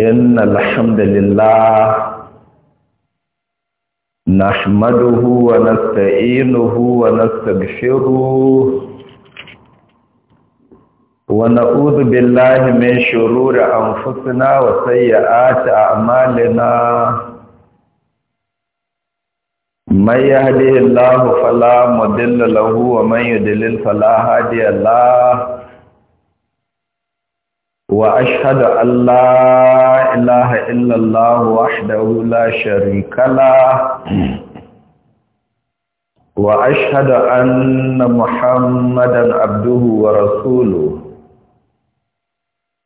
إن الحمد لله نحمده ونستعينه ونستغفره ونعوذ بالله من شرور أنفسنا وسيئات أعمالنا من يهده الله فلا مضل له ومن يضلل فلا هادي له واشهد ان لا اله الا الله وحده لا شريك له واشهد ان محمدا عبده ورسوله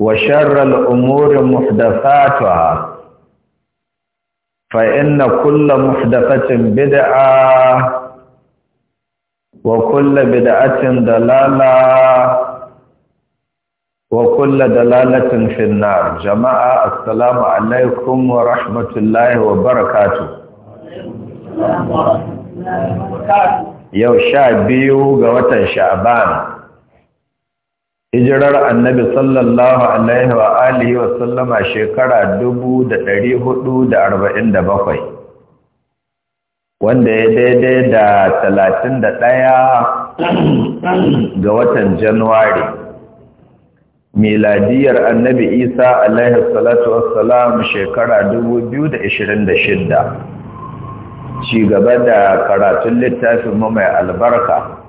وشر الأمور محدثاتها فإن كل محدثة بدعة وكل بدعة ضلالة وكل دلالة في النار جماعة السلام عليكم ورحمة الله وبركاته يو شعبيو قوة شعبان hijirar annabi sallallahu alaihi wa alihi wa sallama shekara bakwai, wanda ya daidai da talatin da ɗaya ga watan januwari miladiyar annabi isa alaihi salatu wassalam shekara shidda, ci gaba da karatun littafin mai albarka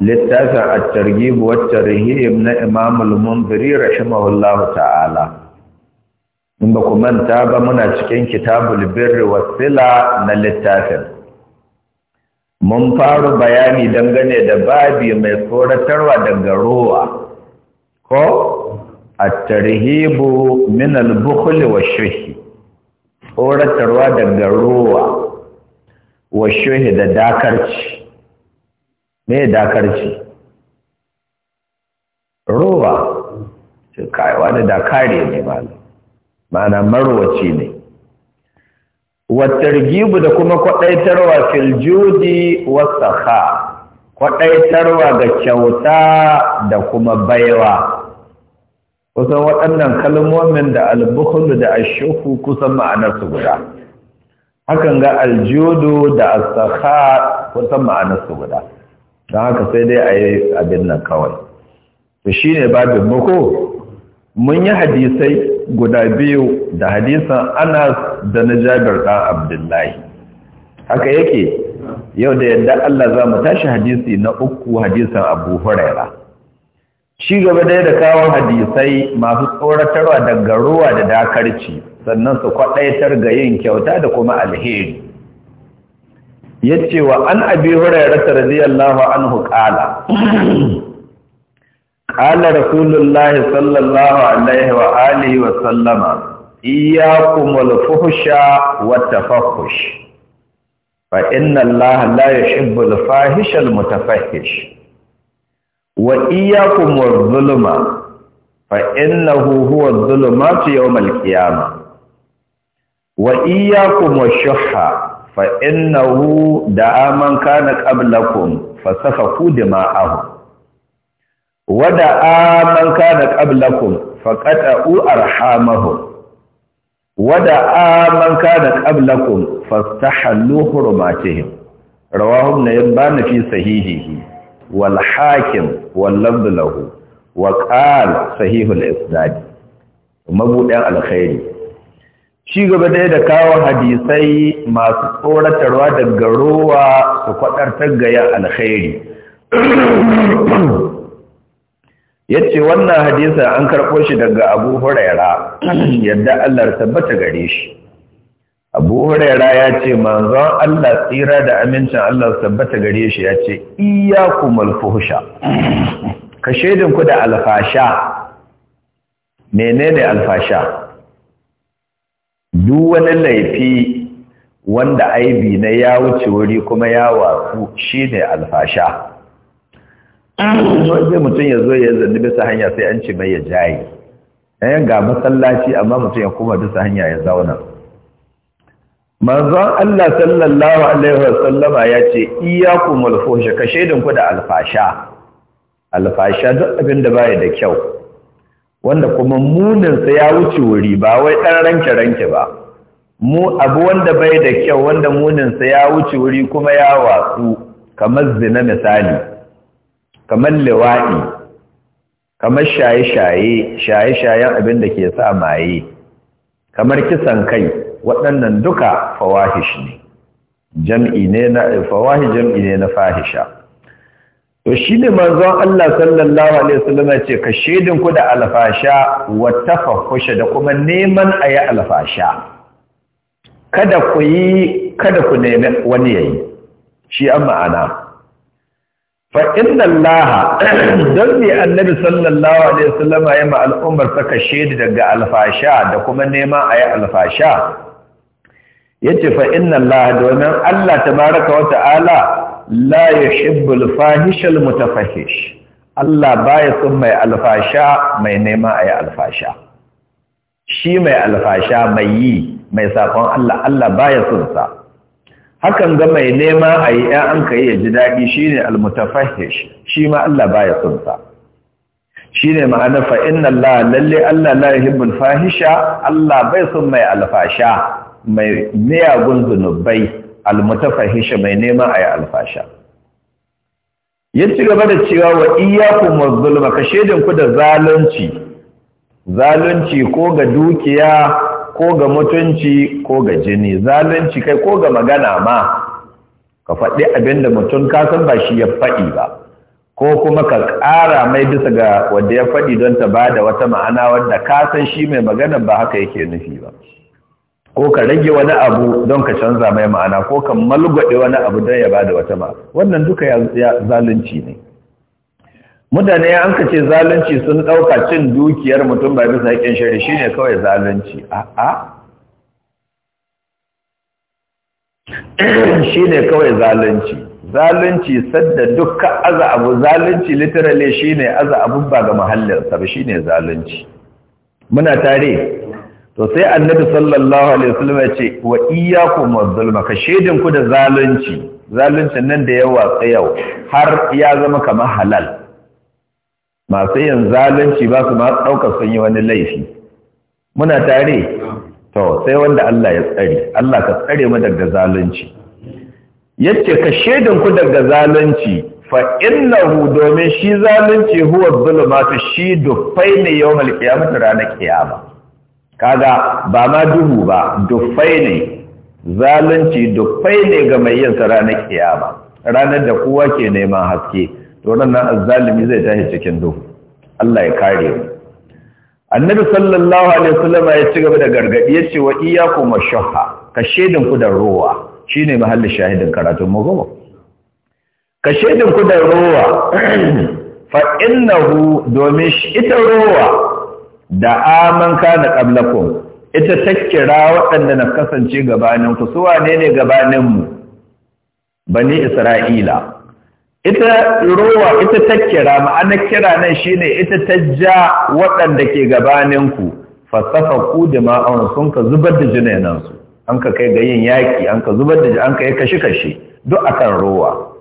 littafin at-targhib na Imamul al-Munziri ta'ala in ba ku manta ba muna cikin kitabul birri was na littafin mun faru bayani dangane da babi mai tsoratarwa daga ruwa, ko at min al-bukhl wash-shuhi tsoratarwa daga ruwa, wa shuhi da dakarci me ya dakarci rowa ce kai wani dakare ne malam mana marwaci ne watargibu da kuma kwadaitarwa fil judi wasakha kwadaitarwa ga kyauta da kuma baiwa kusan waɗannan kalmomin da albukhulu da ashuhu kusan ma'anar su guda hakan ga aljudu da asakha kusan ma'anarsu guda don haka sai dai a yi abin nan kawai to shi ne babin mako mun yi hadisai guda biyu da hadisan anas da na jabir ɗan abdullahi haka yake yau da yadda Allah za mu tashi hadisi na uku hadisan abu huraira shi gaba dai da kawo hadisai masu tsoratarwa daga ruwa da dakarci sannan su kwaɗaitar ga yin kyauta da kuma alheri yace wa an abi hurairah radiyallahu anhu qala qala rasulullahi sallallahu alaihi wa alihi wa sallama iyyakum wal fuhsha wat tafakkush fa inna allaha la yuhibbu al fahisha al mutafakkish wa iyyakum wal zulma فإنه هو الظلمات يوم القيامة وإياكم والشحة fa'innahu da da'a man kana qablakum fa safaku dima'ahum wa da'a man kana qablakum fa qata'u arhamahum wa kana qablakum fastahallu hurumatihim rawahu na fi sahihihi wal hakim wal lafdh lahu sahihul isnad mabuɗin alkhairi Shi gaba dai da kawo hadisai masu tsoratarwa daga rowa su kwaɗartar gaya alkhairi ya ce wannan hadisan an karɓo shi daga abu huraira yadda allah tabbata gare shi abu huraira ya ce manzon allah tsira da amincin allah tabbata gare shi ya ce iyaku malfuhusha ka shaidinku da alfasha menene alfasha duk wani laifi wanda aibi na ya wuce wuri kuma ya shi ne alfasha sai mutum ya zo ya zanni bisa hanya sai an ce mai ya jaye ɗayan eh, ga masallaci amma mutum ya kuma bisa hanya ya zauna manzon Allah sallallahu alaihi wasallama ya ce iyyakumul fuhsha ka shaidin ku da alfasha alfasha duk abin da baya da kyau wanda kuma muninsa ya wuce wuri ba wai ɗan ranke-ranke ba mu abu wanda bai da kyau wanda muninsa ya wuce wuri kuma ya watsu kamar zina misali kamar liwa'i kamar shaye-shaye shaye-shayen abin da ke sa maye kamar kisan kai waɗannan duka fawahish ne jam'i ne na fawahish jam'i ne na fahisha to shi ne manzon Allah sallallahu alaihi wasallam ya ce ka shedin ku da alfasha wa tafahusha da kuma neman ayi alfasha kada ku yi kada ku nemi wani yayi shi an ma'ana fa inna Allah dan ne annabi sallallahu alaihi wasallam ya ma al'ummar saka shedi daga alfasha da kuma neman ayi alfasha yace fa inna Allah domin Allah tabaraka wa ta'ala la yuhibbul fahishal mutafahish Allah baya sun mai alfasha mai a ayi alfasha shi mai alfasha mai yi mai sakon Allah Allah baya son sa hakan ga mai nema ayi ya an yi ya ji shi ne almutafahish shi ma Allah baya son sa shine ma'ana fa inna Allah lalle Allah la yuhibbul fahisha Allah bai sun mai alfasha mai miyagun zunubai almutafahisha mai neman a yi alfasha ya ci gaba da cewa wa iyakun mazulma ka ku da zalunci zalunci ko ga dukiya ko ga mutunci ko ga jini zalunci kai ko ga magana ma ka faɗi abinda da mutum kasan ba shi ya faɗi ba ko kuma ka ƙara mai bisa ga wanda ya faɗi don ta ba da wata ma'ana wadda kasan shi mai magana ba haka yake nufi ba. ko ka rage wani abu don ka canza mai ma'ana ko ka malgwade wani abu don ya bada wata ma wannan duka ya zalunci ne mutane an ka ce zalunci sun ɗauka cin dukiyar mutum ba bisa haƙƙin shari shi ne kawai zalunci a shi ne kawai zalunci zalunci sadda dukkan aza abu zalunci literally shi ne aza abubba ba ga muhallin, ba shi ne zalunci muna tare to sai annabi sallallahu alaihi wasallam ya ce wa iyyakum waz-zulma ka shedin ku da zalunci zaluncin nan da yawa tsayau har ya zama kamar halal masu yin zalunci ba su ma daukar sun yi wani laifi muna tare to sai wanda Allah ya tsare Allah ka tsare mu daga zalunci yace ka shedin ku daga zalunci fa innahu domin shi zalunci huwa zulma shi dufai ne yawmal qiyamah ranar qiyamah kaga ba ma duhu ba dufai ne zalunci dufai ne ga mai yin sa ranar kiyama ranar da kowa ke neman haske to nan azzalimi zai tashi cikin duhu Allah ya kare mu annabi sallallahu alaihi wasallam ya ci gaba da gargadi ya ce wa iyyakum mashahha ka shedin ku da ruwa shine mahallin shahidin karatun mu gaba ka shedin ku da ruwa fa innahu domin ita ruwa da aman da qablakum ita ta kira waɗanda na kasance gabanin ku su wane ne gabaninmu ba ni isra'ila ita rowa ita ta kira ma'ana kira nan ne ita ta ja waɗanda ke gabaninku fasafa ku da ma'aunin sun ka zubar da jinenansu an ka kai ga yin yaƙi an ka zubar da an ka yi kashi-kashi duk akan rowa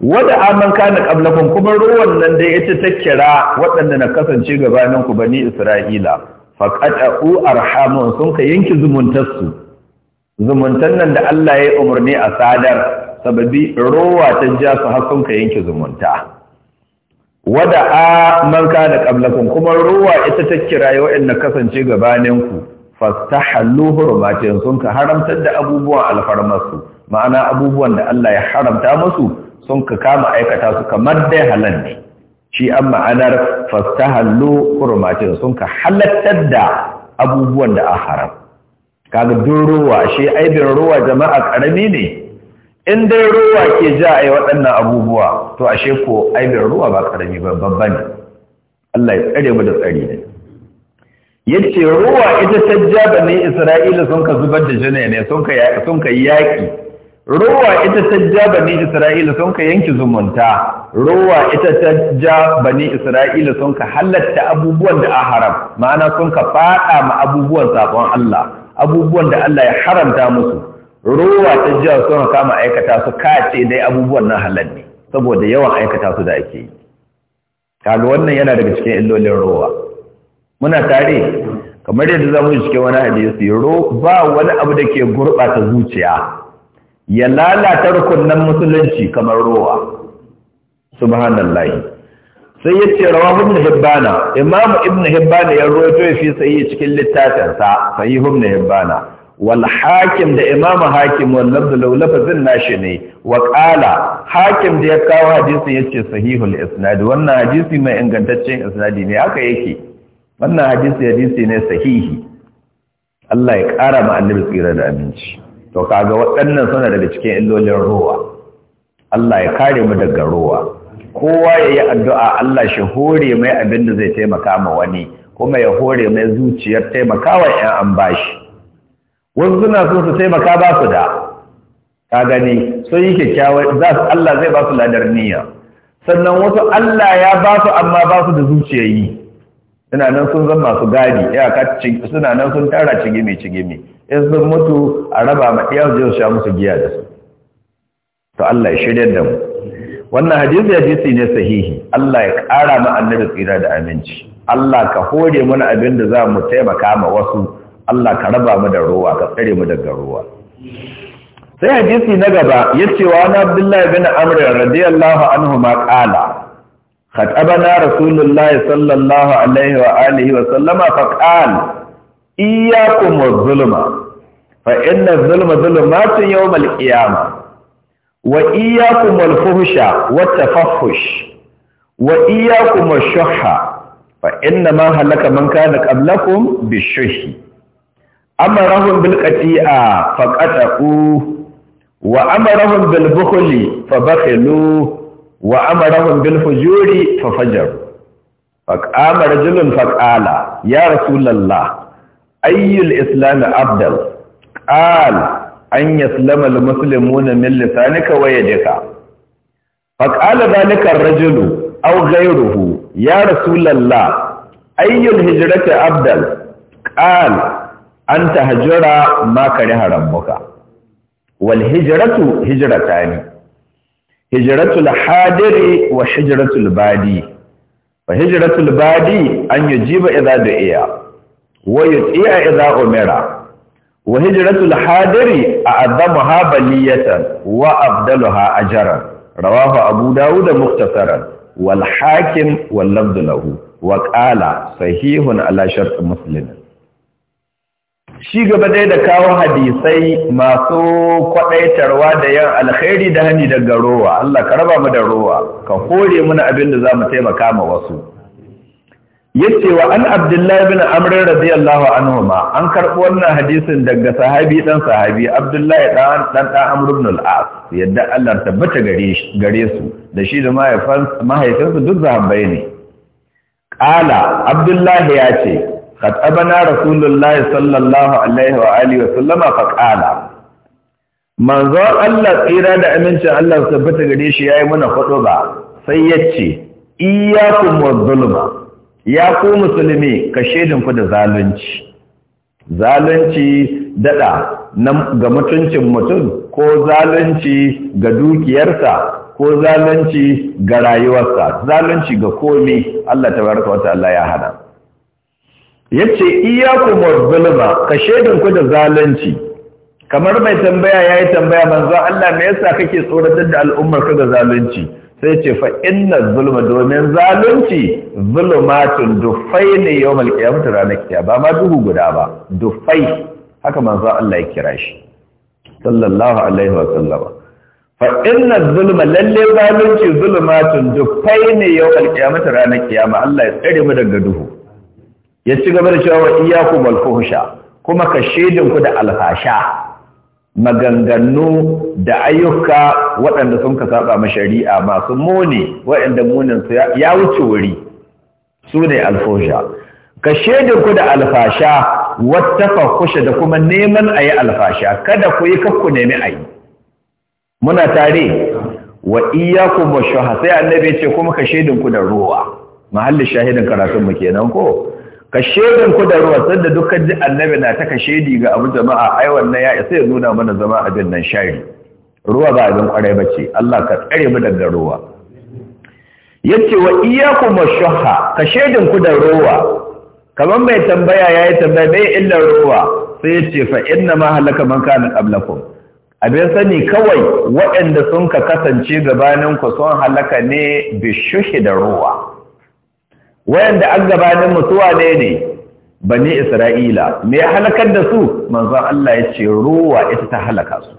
Wadda aman na qablakum kuma ruwan nan da yace ta kira waɗanda na kasance gabanin ku bani Isra'ila faqata'u arhamun sun ka yanki zumuntarsu zumuntan nan da Allah ya umarni a sadar sababi ruwa ta ja su har sun ka yanki zumunta Wadda aman kana qablakum kuma ruwa ita ta kira waɗanda kasance gabanin ku fastahallu hurmatin sun ka haramtar da abubuwan alfarmasu ma'ana abubuwan da Allah ya haramta musu sun ka kama aikata su kamar dai halal ne shi an ma'anar hallu kurmatin. sun ka halattar da abubuwan da a haram kaga duk ruwa shi aibin ruwa jama'a karami ne in dai ruwa ke ja a yi waɗannan abubuwa to ashe ko aibin ruwa ba karami ba babba ne Allah ya tsare mu da tsari ne yace ruwa ita ta ne Isra'ila sun ka zubar da jini ne sun ka sun ka rowa ita ta ja bani isra'ila sun ka yanki zumunta rowa ita ta ja bani isra'ila sun ka halatta abubuwan da a haram ma'ana sun ka fada ma abubuwan saƙon Allah abubuwan da Allah ya haramta musu rowa ta ja sun kama aikata su kace dai abubuwan nan halal ne saboda yawan aikata su da ake yi kaga wannan yana daga cikin illolin rowa muna tare kamar yadda za yi cikin wani hadisi ro ba wani abu da ke gurɓata zuciya ya lalata rukunan musulunci kamar rowa subhanallahi sai ya ce rawa ibn hibbana Imam ibn hibbana ya rawaito ya sai sahihi cikin littafinsa sahih ibn hibbana wal hakim da Imam hakim wal lafzul lafzin nashi ne wa qala hakim da ya kawo hadisin yace sahihul isnad wannan hadisi mai ingantaccen isnadi ne haka yake wannan hadisi hadisi ne sahihi Allah ya ƙara ma annabi tsira da aminci to kaga waɗannan suna daga cikin illolin ruwa Allah ya kare mu daga ruwa kowa ya yi addu'a Allah shi hore mai abin da zai taimaka ma wani kuma ya hore mai zuciyar taimakawa ‘yan an bashi wasu suna so su taimaka ba su da ka gani sun yi kyakkyawar za su Allah zai ba su ladar niyya sannan wasu Allah ya ba su amma ba su da zuciyayi suna nan sun zama masu gadi iyaka suna nan sun tara cigimi cigimi in sun mutu a raba ma iya zai sha musu giya da su to Allah ya shirya da mu wannan hadisi hadisi ne sahihi Allah ya kara ma annabi tsira da aminci Allah ka hore mana abin da za mu taimaka ma wasu Allah ka raba mu da ruwa ka tsare mu daga ruwa sai hadisi na gaba ya cewa na abdullahi bin amr radiyallahu anhu ma qala خطبنا رسول الله صلى الله عليه وآله وسلم فقال إياكم والظلم فإن الظلم ظلمات يوم القيامة وإياكم والفهش والتفحش وإياكم والشح فإنما هلك من كان قبلكم بالشح أمرهم بالقتيئة فقتقوه وأمرهم بالبخل فبخلوه wa amarahum bil fujuri fa fajar faqama rajulun faqala ya rasulullah ayyul islam afdal qal an yaslama al muslimuna min lisanika wa yadika faqala dhalika rajulu aw ghayruhu ya rasulullah ayyul hijrati afdal qal an tahjura ma kariha rabbuka wal hijratu hijratani hijratul hadiri wa hijratul badi fa hijratul badi an yujiba idza du'iya wa yuti'a idza umira wa hijratul hadiri a'azzamuha baliyatan wa afdaluha ajran rawahu abu dawud mukhtasaran wal hakim wal lafdhu lahu wa qala sahihun ala shart shi gaba dai da kawo hadisai masu kwaɗaitarwa da yan alkhairi da hani daga rowa Allah ka raba mu da rowa ka kore muna abin da za mu taimaka ma wasu yace wa an abdullahi bin amr radiyallahu anhu ma an karbo wannan hadisin daga sahabi dan sahabi abdullahi dan dan dan amr ibn al-as yadda Allah tabbata gare gare su da shi da mahaifansa mahaifansa duk zahabai ne qala abdullahi yace قد أبنى رسول الله صلى الله عليه وآله وسلم فقال manzo Allah tsira da amincin Allah su tabbata gare shi yayi mana fado ba sai yace iyyakum wadh-dhulma ya ku musulmi kashe shedin ku da zalunci zalunci dada ga mutuncin mutum ko zalunci ga dukiyarsa ko zalunci ga rayuwarsa zalunci ga komi Allah tabaraka wa ta'ala ya hada. yace iya waz-zulma ka shedin ku da zalunci kamar mai tambaya ya yi tambaya manzo Allah me yasa kake tsoratar da al'ummar ka da zalunci sai ce fa inna zulma domin zalunci zulmatun dufai ne yawmal qiyamah ranar kiyama ba ma duhu guda ba dufai haka manzo Allah ya kira shi sallallahu alaihi wa sallama fa inna zulma lalle zalunci zulmatun dufai ne yawmal qiyamah ranar kiyama Allah ya tsare mu daga duhu ya ci gaba da cewa iyakum wal fuhsha kuma ka shedin da alfasha maganganu da ayyuka waɗanda sun ka saba ma shari'a masu muni waɗanda munin ya wuce wuri su ne alfasha ka da alfasha wata fahusha da kuma neman a yi alfasha kada ku yi kakku nemi ayi muna tare wa iyyakum washuha sai annabi ce kuma ka da ruwa mahallin shahidin karatunmu mu kenan ko ka shedin ku da ruwa sanda dukkan ji annabi na ta kashe di ga abu jama'a ai wannan ya isa ya nuna mana zama abin nan shari ruwa ba abin kwarai bace Allah ka tsare mu daga ruwa yace wa iyyakum mashaha ka shedin ku da ruwa kaman mai tambaya yayi tambaya bai illa ruwa sai yace fa inna ma halaka man kana qablakum abin sani kawai waɗanda sun ka kasance gabaninku sun halaka ne bishuhi da ruwa wayanda an gabanin mutuwa ne ne bani isra'ila me ya halakar da su manzon Allah ya ce ruwa ita ta halaka su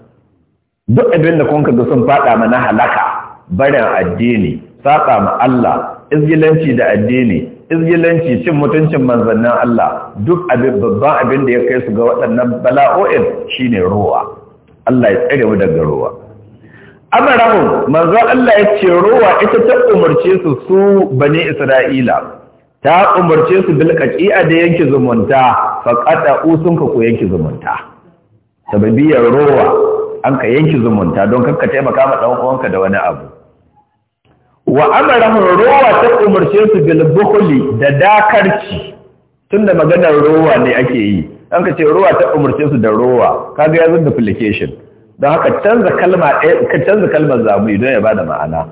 duk abin da kun kaga sun fada mana halaka barin addini saka ma Allah izgilanci da addini izgilanci cin mutuncin manzannin Allah duk abin babban abin da ya kai su ga waɗannan bala'o'in shine ruwa Allah ya tsare mu daga ruwa amarahum manzo Allah ya ce ruwa ita ta umarce su su bani Isra'ila ta umarce su bil da yanki zumunta fa usun ka ko yanki zumunta sababiyar ruwa an ka yanke zumunta don kanka taimaka ma ɗan uwanka da wani abu wa amarahum rowa ta umarce su Bilbukuli da dakarci tun da maganar rowa ne ake yi an ka ce ruwa ta umarce su da ruwa kaga yanzu duplication don haka canza kalma ɗaya eh, canza kalmar zamu idan ya bada ma'ana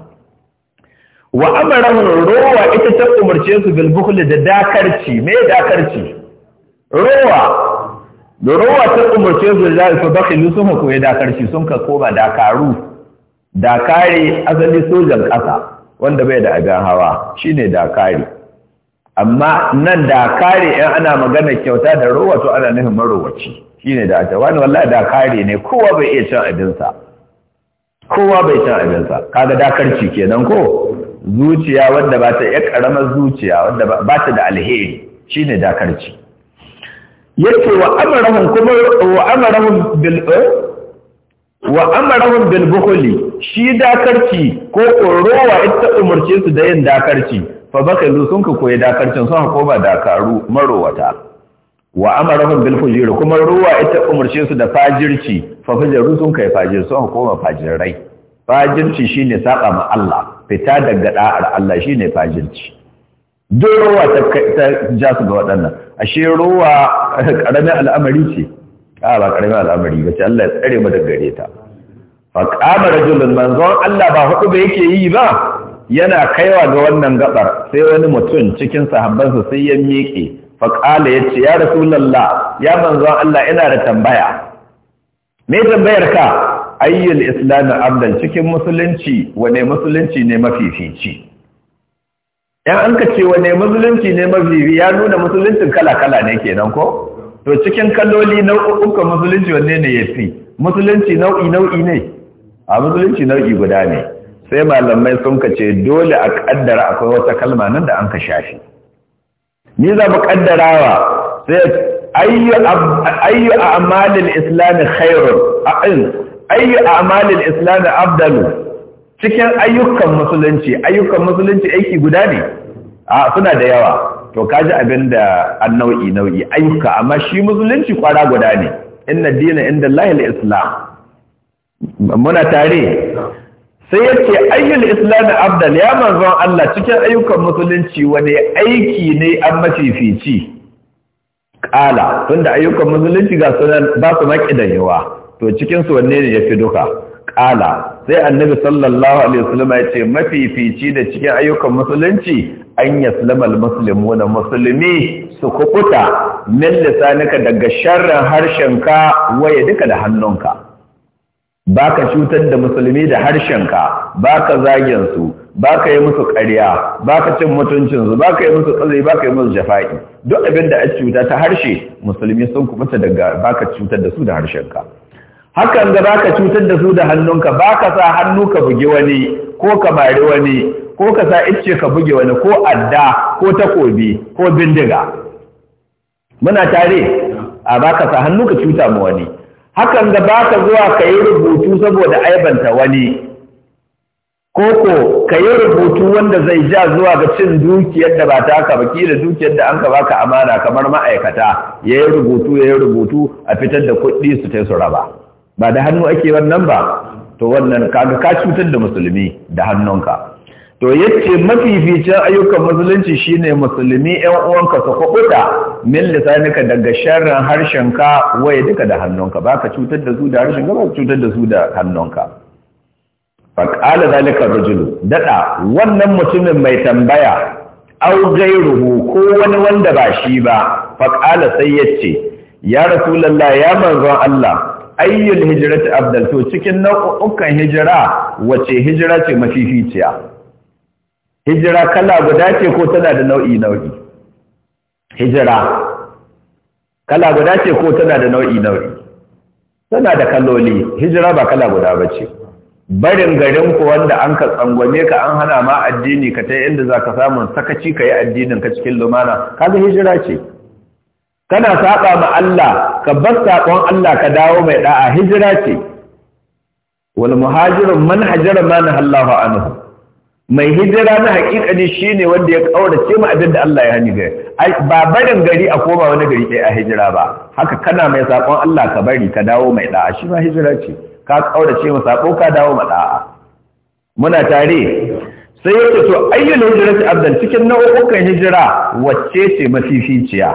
wa amaran rowa ita ta umarce su bil da dakarci me dakarci rowa da rowa ta umarce su da zai bakhilu sun ka ya dakarci sun ka koma dakaru dakare asali sojan ƙasa wanda bai da agan hawa shine dakari amma nan da kare ɗan ana magana kyauta da ruwa to ana nufin marowaci shine da ta wani wallahi da kare ne kowa bai iya cin abinsa kowa bai cin abinsa kaga dakarci kenan ko zuciya wadda ba ta iya karamar zuciya wadda ba ta da alheri shine dakarci yace wa amarahum kuma wa amarahum bil eh? wa amarahum bil bukhli shi dakarci ko rowa ita umurce su da yin dakarci fa bakalu sun ka koyi dakarcin sun koma dakaru marowata wa amarahum bil kuma ruwa ita umarce su da fajirci fa fajaru sun kai fajir sun koma fajirai fajirci shine saba ma Allah fita daga ɗa'ar Allah shine fajirci duk ruwa ta ja su ga waɗannan ashe ruwa karamin al'amari ce a ba karamin al'amari ba ce Allah ya tsare mu daga gare ta fa qama rajulun manzon Allah ba hudu ba yake yi ba yana kaiwa ga wannan gabar sai wani mutum cikin sahabbansa sai ya miƙe faƙala ya ce ya rasulallah ya manzon Allah ina da tambaya me tambayar ka ayyul islamu abdal cikin musulunci wane musulunci ne fici yan an ka ce wane musulunci ne mafifi ya nuna musuluncin kala-kala ne kenan ko to cikin kaloli nau'ukan musulunci wanne ne ya fi musulunci nau'i nau'i ne a musulunci nau'i guda ne sai malamai sun ka ce dole a kaddara akwai wata kalma nan da an ka shafi ni za mu kaddarawa sai ayyu a'malil islam khairun ayyu a'malil islam afdalu cikin ayyukan musulunci ayyukan musulunci aiki guda ne a suna da yawa to kaji abinda da an nau'i nau'i ayyuka amma shi musulunci kwara guda ne inna dina inda lahil islam muna tare sai yace ayyul islam abdal ya manzon Allah cikin ayyukan musulunci wani aiki ne an mafifici kala tunda ayyukan musulunci ga sunan ba su yawa, to cikin su wanne ne yafi duka kala sai annabi sallallahu alaihi wasallam ya ce mafifici da cikin ayyukan musulunci an yaslama wa muslimi su kubuta min lisanika daga sharrin harshenka waye duka da hannunka ba ka cutar da musulmi da harshenka ba ka zagensu ba ka yi musu ƙariya ba ka cin mutuncinsu ba ka yi musu tsazai ba ka yi musu jafa'i duk abin da a cuta ta harshe musulmi sun kubuta daga ba ka cutar da su da harshenka hakan ga ba ka cutar da su da hannunka ba ka sa hannu ka bugi wani ko ka mari wani ko ka sa icce ka buge wani ko adda ko takobi ko bindiga muna tare a ba ka sa hannu ka cuta ma wani hakan da ba ka zuwa ka yi rubutu saboda aibanta wani koko ka yi rubutu wanda zai ja zuwa ga cin dukiyar da ba ta ka ba kila dukiyar da an ka baka amana kamar ma'aikata ya yi rubutu ya yi rubutu a fitar da kuɗi su tai su raba ba da hannu ake wannan ba to wannan ka cutar da musulmi da hannunka to yace mafificin ayyukan musulunci shine musulmi ɗan uwanka su kuɓuta min lisanika daga sharrin harshenka waye duka da hannunka baka cutar da su da harshenka ba cutar da su da hannunka fa qala zalika rajulu dada wannan mutumin mai tambaya au gairuhu ko wani wanda ba shi ba fa qala sai yace ya rasulullah ya manzon Allah ayyul hijrat afdal to cikin nau'ukan hijira wace hijira ce mafificiya hijira kala guda ce ko tana da nau'i nau'i hijira kala guda ce ko tana da nau'i nau'i tana da kaloli hijira ba kala guda ba ce barin garin ku wanda an ka tsangwame ka an hana ma addini ka ta inda za ka samun sakaci ka yi addinin ka cikin lumana kaga hijira ce kana saƙa ma Allah ka bar saƙon Allah ka dawo mai da'a hijira ce wal muhajirin man hajara ma nahallahu anhu mai hijira na shi ne wanda ya kaurace ma abin da Allah ya hannu gari ba barin gari a koma wani gari ɗaya a hijira ba haka kana mai sakon Allah ka bari ka dawo mai da'a shi ma hijira ce ka kaurace ma saƙo ka dawo ma da'a muna tare sai ce to hijira ce abdan cikin nau'ukan hijira wacce ce mafificiya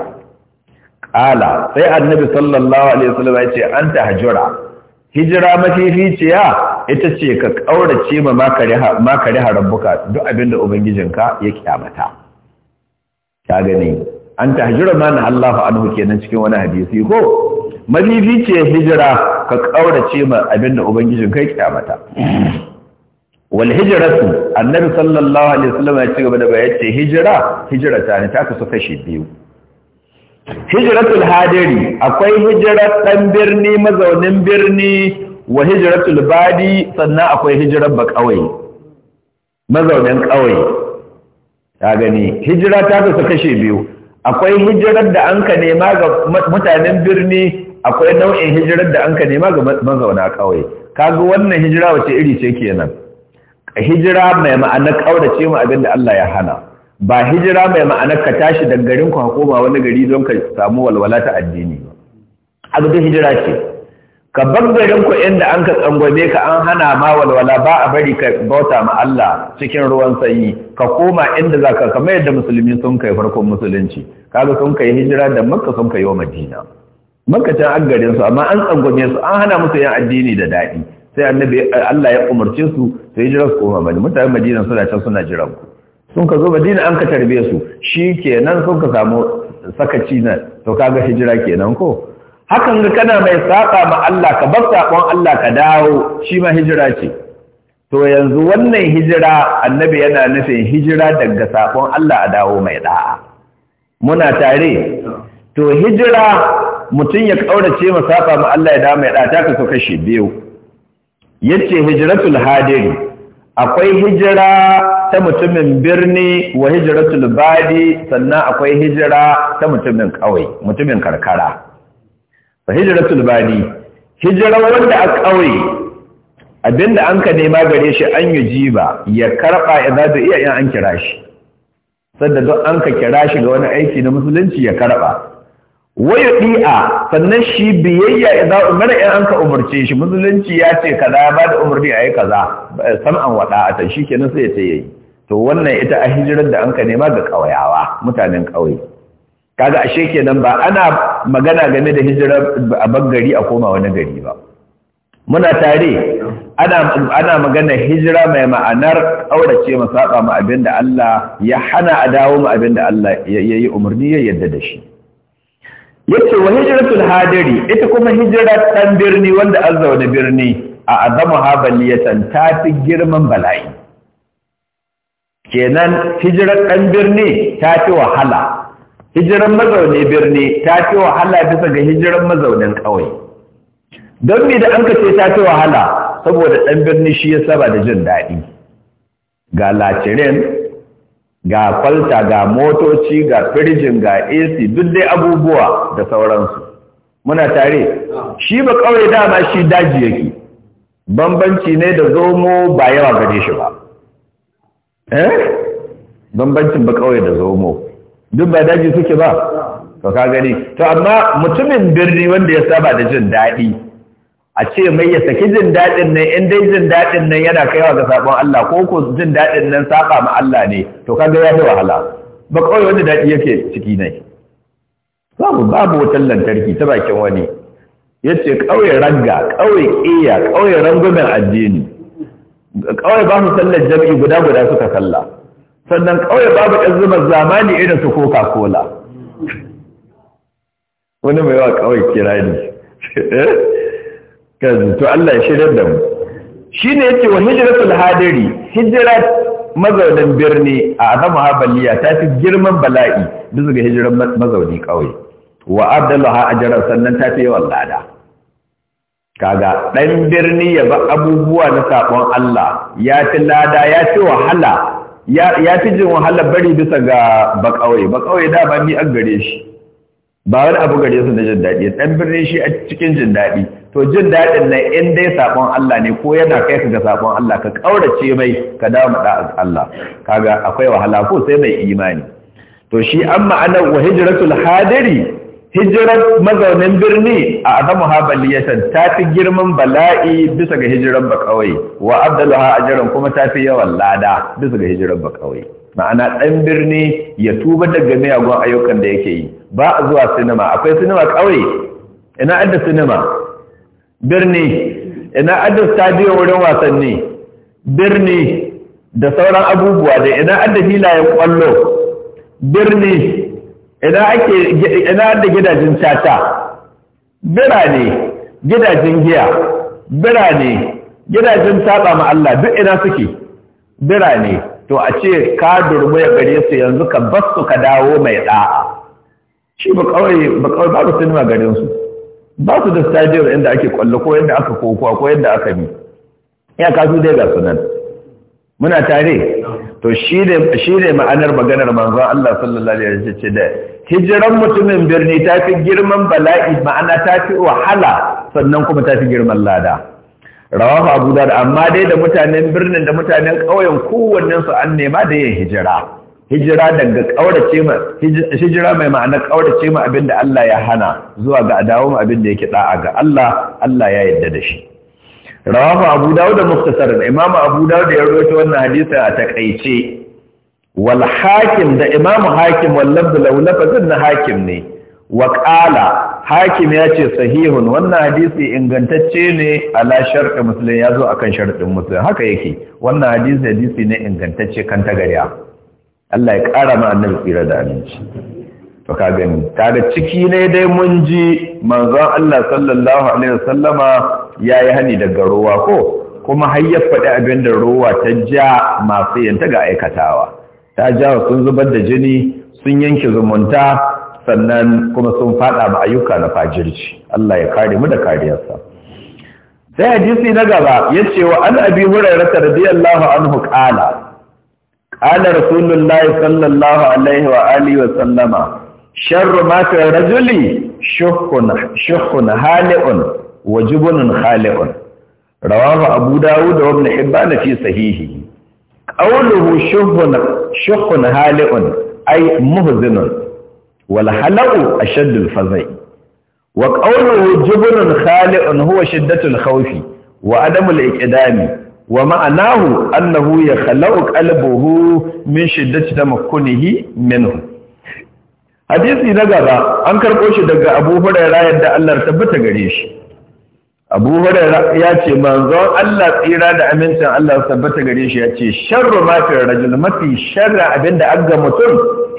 Ƙala. sai annabi sallallahu alaihi wasallam ya ce ta hajura hijira mafificiya ita ce ka ƙaurace ma makari harabbuka duk abinda Ubangijinka ya kyamata. Ta gani, an ta hijira mana Allah anhu kenan cikin wani hadisi ko, mabibi ce hijira ka ƙaurace ma abinda Ubangijinka ya kyamata. Wal hijiratu, annabi sallallahu Alaihi wasallam ya ci gaba da bayan ce hijira, hijira ta ne ta kasu kashi biyu. Hijiratul hadiri, akwai hijirar ɗan birni mazaunin birni wa hijratul badi sannan akwai hijirar ba kawai mazaunin kawai ta gani hijira ta kasu kashe biyu akwai hijirar da an nema ga mutanen birni akwai nau'in hijirar da an ka nema ga mazauna kawai kaga wannan hijira wace iri ce kenan hijira mai ma'anar kaurace mu abin Allah ya hana ba hijira mai ma'anar ka tashi daga garin ku hukuma wani gari don ka samu walwala ta addini ba abin hijira ce ka bar garin ku inda an ka tsangwame ka an hana ma walwala ba a bari ka bauta ma Allah cikin ruwan sanyi ka koma inda za ka kamar yadda musulmi sun kai farkon musulunci kaga sun kai hijira da makka sun kai wa madina makka can an garin su amma an tsangwame su an hana musu yin addini da daɗi sai annabi Allah ya umarce su su hijira su koma madina Mutane madina suna can suna jiran ku sun ka zo madina an ka tarbe su shikenan sun ka samu sakaci na to kaga hijira kenan ko hakan ga kana mai saƙa ma Allah ka bar sakon Allah ka dawo shi ma hijira ce to yanzu wannan hijira annabi yana nufin hijira daga sakon Allah a dawo mai da'a muna tare to hijira mutum ya ƙaurace ma saba ma Allah ya dawo mai da'a ta kasu kashi biyu yace hijratul hadiri akwai hijira ta mutumin birni wa hijratul badi sannan akwai hijira ta mutumin kauye mutumin karkara fa hijratul badi hijira wanda a kauye abinda an ka nema gare shi an jiba ya karba idza da iya in an kira shi sanda don an ka kira shi ga wani aiki na musulunci ya karba waya di'a sannan shi biyayya idza umara in an ka umarce shi musulunci ya ce kaza ba da umarni ayi kaza sam'an wada a tan shikenan sai ya ce yayi to wannan ita a hijirar da an ka nema ga kauyawa mutanen ƙauye. kaga ashe kenan ba ana magana game da hijira a bangare a koma wani gari ba muna tare ana ana magana hijira mai ma'anar aurace mu saba mu abinda Allah ya hana a dawo mu abinda Allah ya yi umarni ya yarda da shi yace wa hijratul hadiri ita kuma hijira dan birni wanda azza wa birni a azamu habaliyatan fi girman bala'i kenan hijira dan birni ta fi wahala hijiran mazaune birni ta ce wahala bisa ga hijiran mazaunin ƙauye don me da an ka ce ta ce wahala saboda ɗan birni shi ya saba da jin daɗi ga lacirin ga kwalta ga motoci ga firjin ga ac duk dai abubuwa da sauransu muna tare shi ba ƙauye dama shi daji yake bambanci ne da zomo ba yawa gare shi ba eh bambancin ba ƙauye da zomo duk ba daji suke ba to ka gani to amma mutumin birni wanda ya saba da jin daɗi a ce mai ya saki jin daɗin nan in dai jin daɗin nan yana kaiwa ga sabon Allah ko ko jin daɗin nan saba ma Allah ne to ga ya fi wahala ba kawai wanda daɗi yake ciki ne babu babu wutar lantarki ta bakin wani yace ƙauye ragga ƙauye ƙiya ƙauye rangumen addini ƙauye ba su sallar jam'i guda guda suka sallah sannan kawai babu ɗan zuma zamani irin su coca cola wani mai wa kawai kira ne eh? to Allah ya shirya da mu shi ne yake wa hijiratul hadari hijirat mazaunin birni a azan muhabbaliya ta fi girman bala'i duk ga hijiran mazauni kawai wa abdullaha ajran sannan ta fi yawan lada kaga ɗan birni ya ba abubuwa na saƙon Allah ya fi lada ya fi wahala ya fi jin wahalar bari bisa ga bakawai bakawai dama ni an gare shi ba wani abu gare su na jin daɗi ɗan birni shi a cikin jin daɗi to jin daɗin nan in dai sabon Allah ne ko yana kai ka ga sabon Allah ka ƙaurace mai ka dawo mu Allah kaga akwai wahala ko sai mai imani to shi an ma'anar wa hijratul hadiri hijirar mazaunin birni a azamu ha ta fi girman bala'i bisa ga hijirar bakawai wa abdullu ha ajiran kuma ta fi yawan lada bisa ga hijirar bakawai ma'ana ɗan birni ya tuba daga miyagun ayyukan da yake yi ba a zuwa sinima akwai sinima kawai ina adda sinima birni ina adda stadiyo wurin wasanni birni da sauran abubuwa da ina adda filayen kwallo birni ina ake ina da gidajen tata birane gidajen giya birane gidajen taba ma Allah duk ina suke birane to a ce ka durmu ya gare su yanzu ka bas su ka dawo mai da'a shi ba kawai ba kawai su sinima garin su ba su da stadium inda ake kwallo ko yadda aka kokowa ko yadda aka bi ya kasu dai ga sunan muna tare to shi ne ma'anar maganar manzon Allah sallallahu alaihi wasallam ce da hijiran mutumin birni tafi girman bala'i ma'ana tafi wahala sannan kuma tafi girman lada rawahu abu da amma dai da mutanen birnin da mutanen ƙauyen kowannen su an nema da yin hijira hijira daga kaurace ma hijira mai ma'ana kaurace ma abinda Allah ya hana zuwa ga adawun abinda yake da'a ga Allah Allah ya yarda da shi rawahu abu dawud da imam abu dawud ya rawaito wannan hadisi a takaice wal hakim da imam hakim wal lafz na hakim ne wa qala hakim ya ce sahihun wannan hadisi ingantacce ne ala shartu muslim ya zo akan shartin muslim haka yake wannan hadisi hadisi ne ingantacce kan tagariya Allah ya kara ma annabi tsira da aminci to ka gani kaga ciki ne dai mun ji manzon Allah sallallahu alaihi wasallama ya yi hani daga ruwa ko kuma har faɗi abin da ruwa ta ja masu yanta ga aikatawa ta ja sun zubar da jini sun yanke zumunta sannan kuma sun faɗa ba ayyuka na fajirci Allah ya kare mu da kariyarsa sai hadisi na gaba ya ce wa an abi hurairah radiyallahu anhu ƙala. Ƙala rasulullahi sallallahu alaihi wa alihi wa sallama sharru ma rajuli Shukun hali'un wa jubunun khali'un rawahu abu dawud wa ibn hibban fi sahihi qawluhu shuhun shuhun hali'un ay muhzinun wal hala'u ashaddu al fazai wa qawluhu jubunun khali'un huwa shiddatu al wa adamu al iqdami wa ma'anahu annahu yakhla'u qalbuhu min shiddati tamakkunihi minhu hadisi na gaba an karɓo shi daga abu huraira yadda Allah tabbata gare shi abu hurairah ya ce manzon Allah tsira da amincin Allah tabbata gare shi ya ce sharru ma fi rajul mafi sharra abinda an ga mutum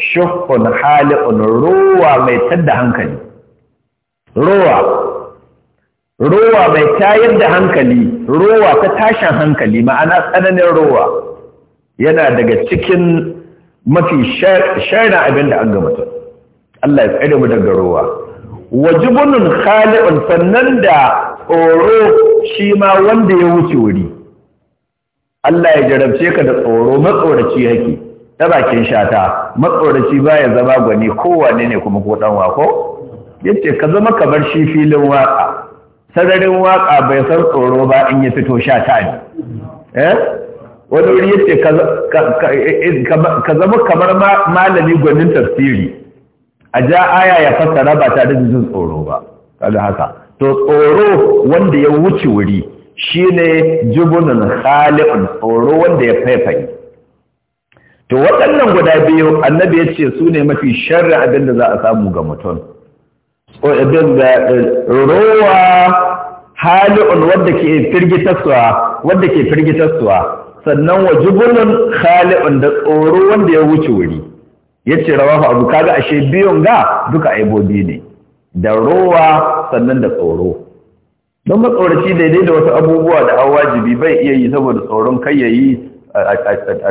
shuhun hali'un ruwa mai tadda hankali ruwa ruwa mai tayar da hankali ruwa ta tashin hankali ma'ana tsananin ruwa yana daga cikin mafi sharra abinda an ga mutum Allah ya tsare mu daga ruwa wajibunin khali'un sannan da tsoro shi ma wanda ya wuce wuri Allah ya jarabce ka da tsoro matsoraci yake ta bakin shata matsoraci ba ya zama gwani kowane ne kuma ko ɗan wako yace ka zama kamar shi filin waka sararin waka bai san tsoro ba in ya fito shata ne eh? wani wuri yace ka eh, zama kamar malami gwanin tafsiri a ja aya ya fassara ba tare da jin tsoro ba kaga haka to tsoro wanda ya wuce wuri shine jibunan khali'un tsoro wanda ya faifai. to waɗannan guda biyu annabi ya ce su ne mafi sharri abin da za a samu ga mutum abin da rowa hali'un wadda ke firgitarsuwa wanda ke firgitarsuwa sannan wa jibunan khali'un da tsoro wanda ya wuce wuri ya ce rawahu abu kaga ashe biyun ga duka aibobi ne da rowa sannan da tsoro don matsoraci daidai da wasu abubuwa da an wajibi bai iya yi saboda tsoron kai ya yi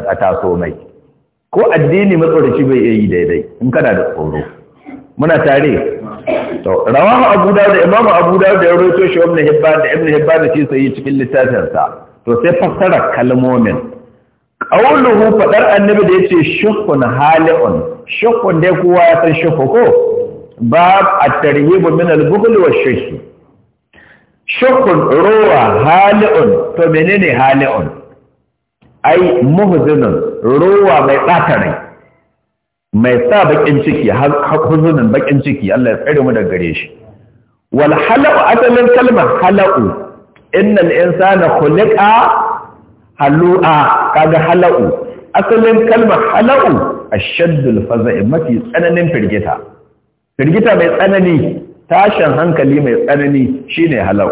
a taso mai ko addini matsoraci bai iya yi daidai in kana da tsoro muna tare rawahu abu dawud imamu abu dawud da rawaito shi wani hibba da ibn da shi sai cikin littafinsa to sai fassara kalmomin qauluhu fadar annabi da yace shuhun hali'un shuhun dai kowa ya san shuhu ko باب الترهيب من البغل والشح شح روى هالئ فمنين هالئ أي مهزن روى ميقاتري mai sa bakin ciki huzunin bakin ciki Allah ya tsare mu daga gare shi wal halaqu asalin kalmar halaqu innal insana khuliqa halu'a kaga halaqu asalin kalmar halaqu ashaddul faza'i mafi tsananin firgita firgita mai tsanani tashin hankali mai tsanani shine halau.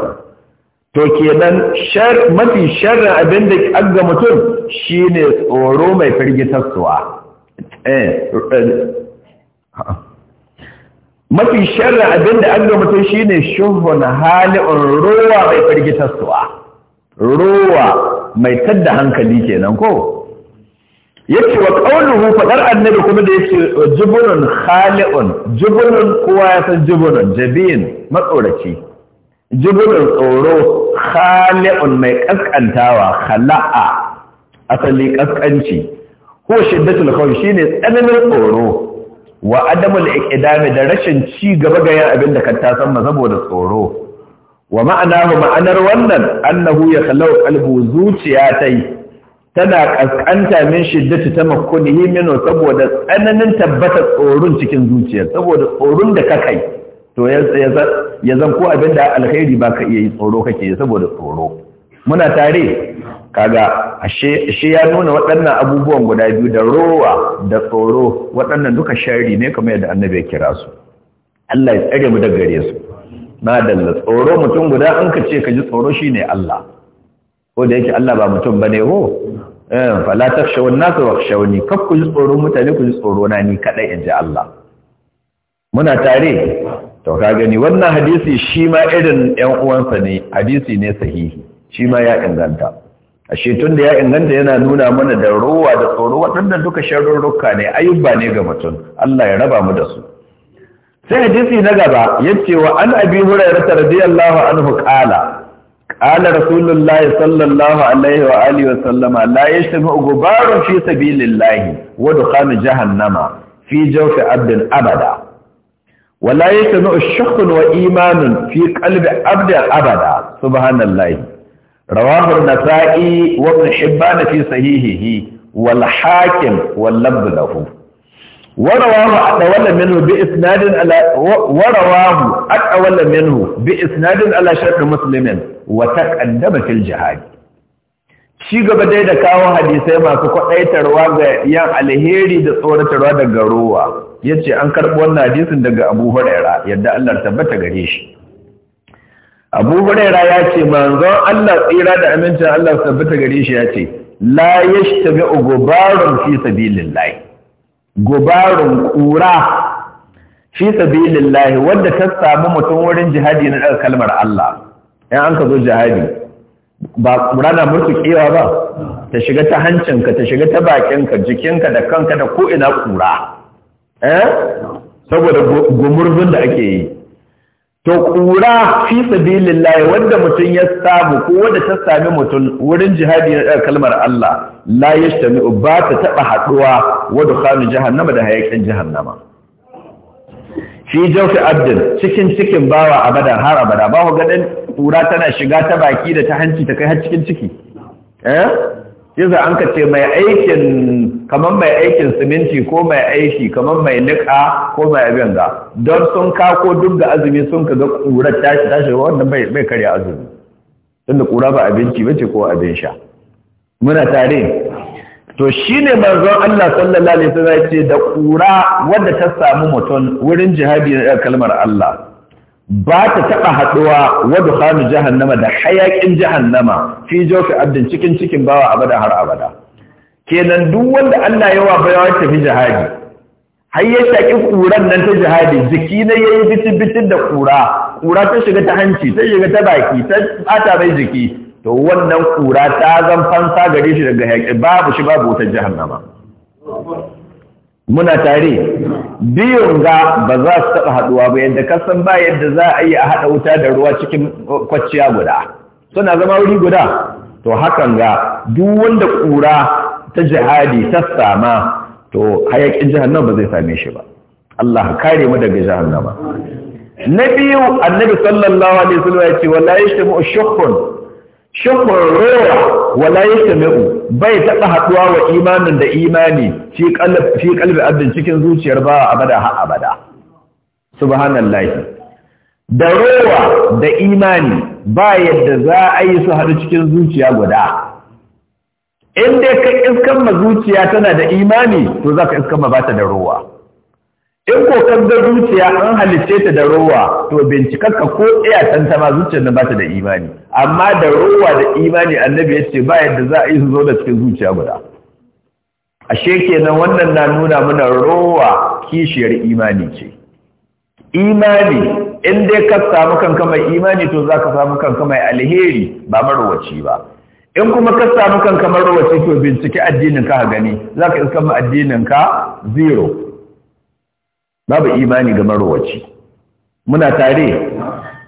to kenan nan mafi sharrin abin da agga mutum shine tsoro mai firgitar suwa. Eh, eh, mafi sharrin abin da agga mutum shine shuhun hali'un ruwa mai suwa. ruwa mai tadda hankali kenan ko yace wa qawluhu fadar annabi kuma da yake wa khali'un jubunun kowa ya san jubunun jabin matsoraci jubunun tsoro khali'un mai kaskantawa khala'a asali kaskanci ko shiddatul khawf shine tsananin tsoro wa adamul iqdami da rashin ci gaba ga yin abin da kan ta san saboda tsoro wa ma'anahu ma'anar wannan annahu ya khalau qalbu zuciya tai tana kaskanta min shiddati yi minhu saboda tsananin tabbata tsoron cikin zuciya saboda tsoron da ka kai to ya zan ko abinda alkhairi ba ka iya yi tsoro kake saboda tsoro muna tare kaga shi ya nuna waɗannan abubuwan guda biyu da rowa da tsoro waɗannan duka shari ne kamar yadda annabi ya kira su Allah ya tsare mu daga gare su madalla tsoro mutum guda an ka ce ka ji tsoro shine Allah ko da yake Allah ba mutum bane ho eh fala tafshawun nas wakhshawni kaf ku ji tsoron mutane ku ji tsoro na ni kadai inji Allah muna tare to ka gani wannan hadisi shi ma irin ɗan uwansa ne hadisi ne sahihi shi ma ya inganta ashe tun da ya inganta yana nuna mana da ruwa da tsoro waɗanda duka sharurruka ne ayyuba ne ga mutum Allah ya raba mu da su sai hadisi na gaba yace wa an abi hurairah radiyallahu anhu qala قال رسول الله صلى الله عليه وآله وسلم لا يجتمع غبار في سبيل الله ودخان جهنم في جوف عبد أبدا ولا يجتمع الشق وإيمان في قلب عبد أبدا سبحان الله رواه النسائي وابن حبان في صحيحه والحاكم واللب له ورواه أطول منه بإسناد على ورواه أطول منه بإسناد على شرط مسلم وتقدم في الجهاد shi gaba dai da kawo hadisai masu kwaɗaitarwa ga yan alheri da tsoratarwa daga ruwa ya ce an karɓi wannan hadisin daga abu huraira yadda allah tabbata gare shi abu huraira ya ce manzon allah tsira da amincin allah tabbata gare shi ya ce la ya shi tabi ugubarun fi sabilin layi gubarun ƙura fi sabilillahi wadda ta sami mutum wurin jihadi na daga kalmar Allah in an ka zo jihadi ba rana murtu kewa ba ta shiga ta hancinka ta shiga ta bakinka jikinka da kanka da ko ina kura eh? saboda gumurzun da ake yi to ƙura fi sabilillahi wanda mutum ya samu ko wanda ta sami mutum wurin jihadi na ɗaga kalmar Allah la yashtami ba ta taɓa haɗuwa wa dukhanu jahannama da hayakin jahannama fi jawfi abdin cikin cikin bawa abada har abada bawa ganin ƙura tana shiga ta baki da ta hanci ta kai har cikin ciki eh yanzu an ka ce mai aikin kamar mai aikin siminti ko mai aiki kamar mai nika ko mai abin don sun kako duk da azumi sun ka ga ƙurar tashi tashi wannan bai karya azumi tunda ƙura ba abinci ba ce ko abin sha muna tare to shi shine manzon Allah sallallahu alaihi wasallam ce da ƙura wadda ta samu mutum wurin jihadi na kalmar Allah ba ta taɓa haɗuwa wadda hannu nama da hayaƙin jahannama fi jofi abdin cikin cikin bawa abada har abada kenan duk wanda Allah yawa bayawa fi jihadi har ya shaƙi ƙuran nan ta jihadi jiki na yayi bitin-bitin da ƙura ƙura ta shiga ta hanci ta shiga ta baki ta ɓata mai jiki to wannan ƙura ta zan fansa gare shi daga hayaƙi babu shi babu wutar jahannama muna tare biyun ga ba za su taɓa haɗuwa ba yadda kasan ba yadda za a yi a haɗa wuta da ruwa cikin kwaciya guda suna zama wuri guda to hakan ga duk wanda ƙura ta jihadi ta sama to hayakin jihannan ba zai same shi ba Allah kare mu daga ba na biyu annabi sallallahu alaihi wasallam ya ce wala mu shukhun shukur rera wala yastami'u bai taɓa haɗuwa wa imanin da imani fi kalbi abdin cikin zuciyar ba abada ha abada subhanallahi da rowa da imani ba yadda za a yi su haɗu cikin zuciya guda in dai ka iskan ma zuciya tana da imani to za ka iskan ma ba ta da rowa in ko ga zuciya an halicce ta da rowa to bincikarka ko iya tantama zuciyar da ba ta da imani amma da rowa da imani annabi ya ce ba yadda za a yi su zo da cikin zuciya guda ashe kenan wannan na nuna mana rowa kishiyar imani ce imani in dai ka samu kanka mai imani to za samu kanka mai alheri ba marowaci ba in kuma ka samu kanka marowaci to bincike addinin ka gani za ka iska addinin ka zero babu imani ga marowaci muna tare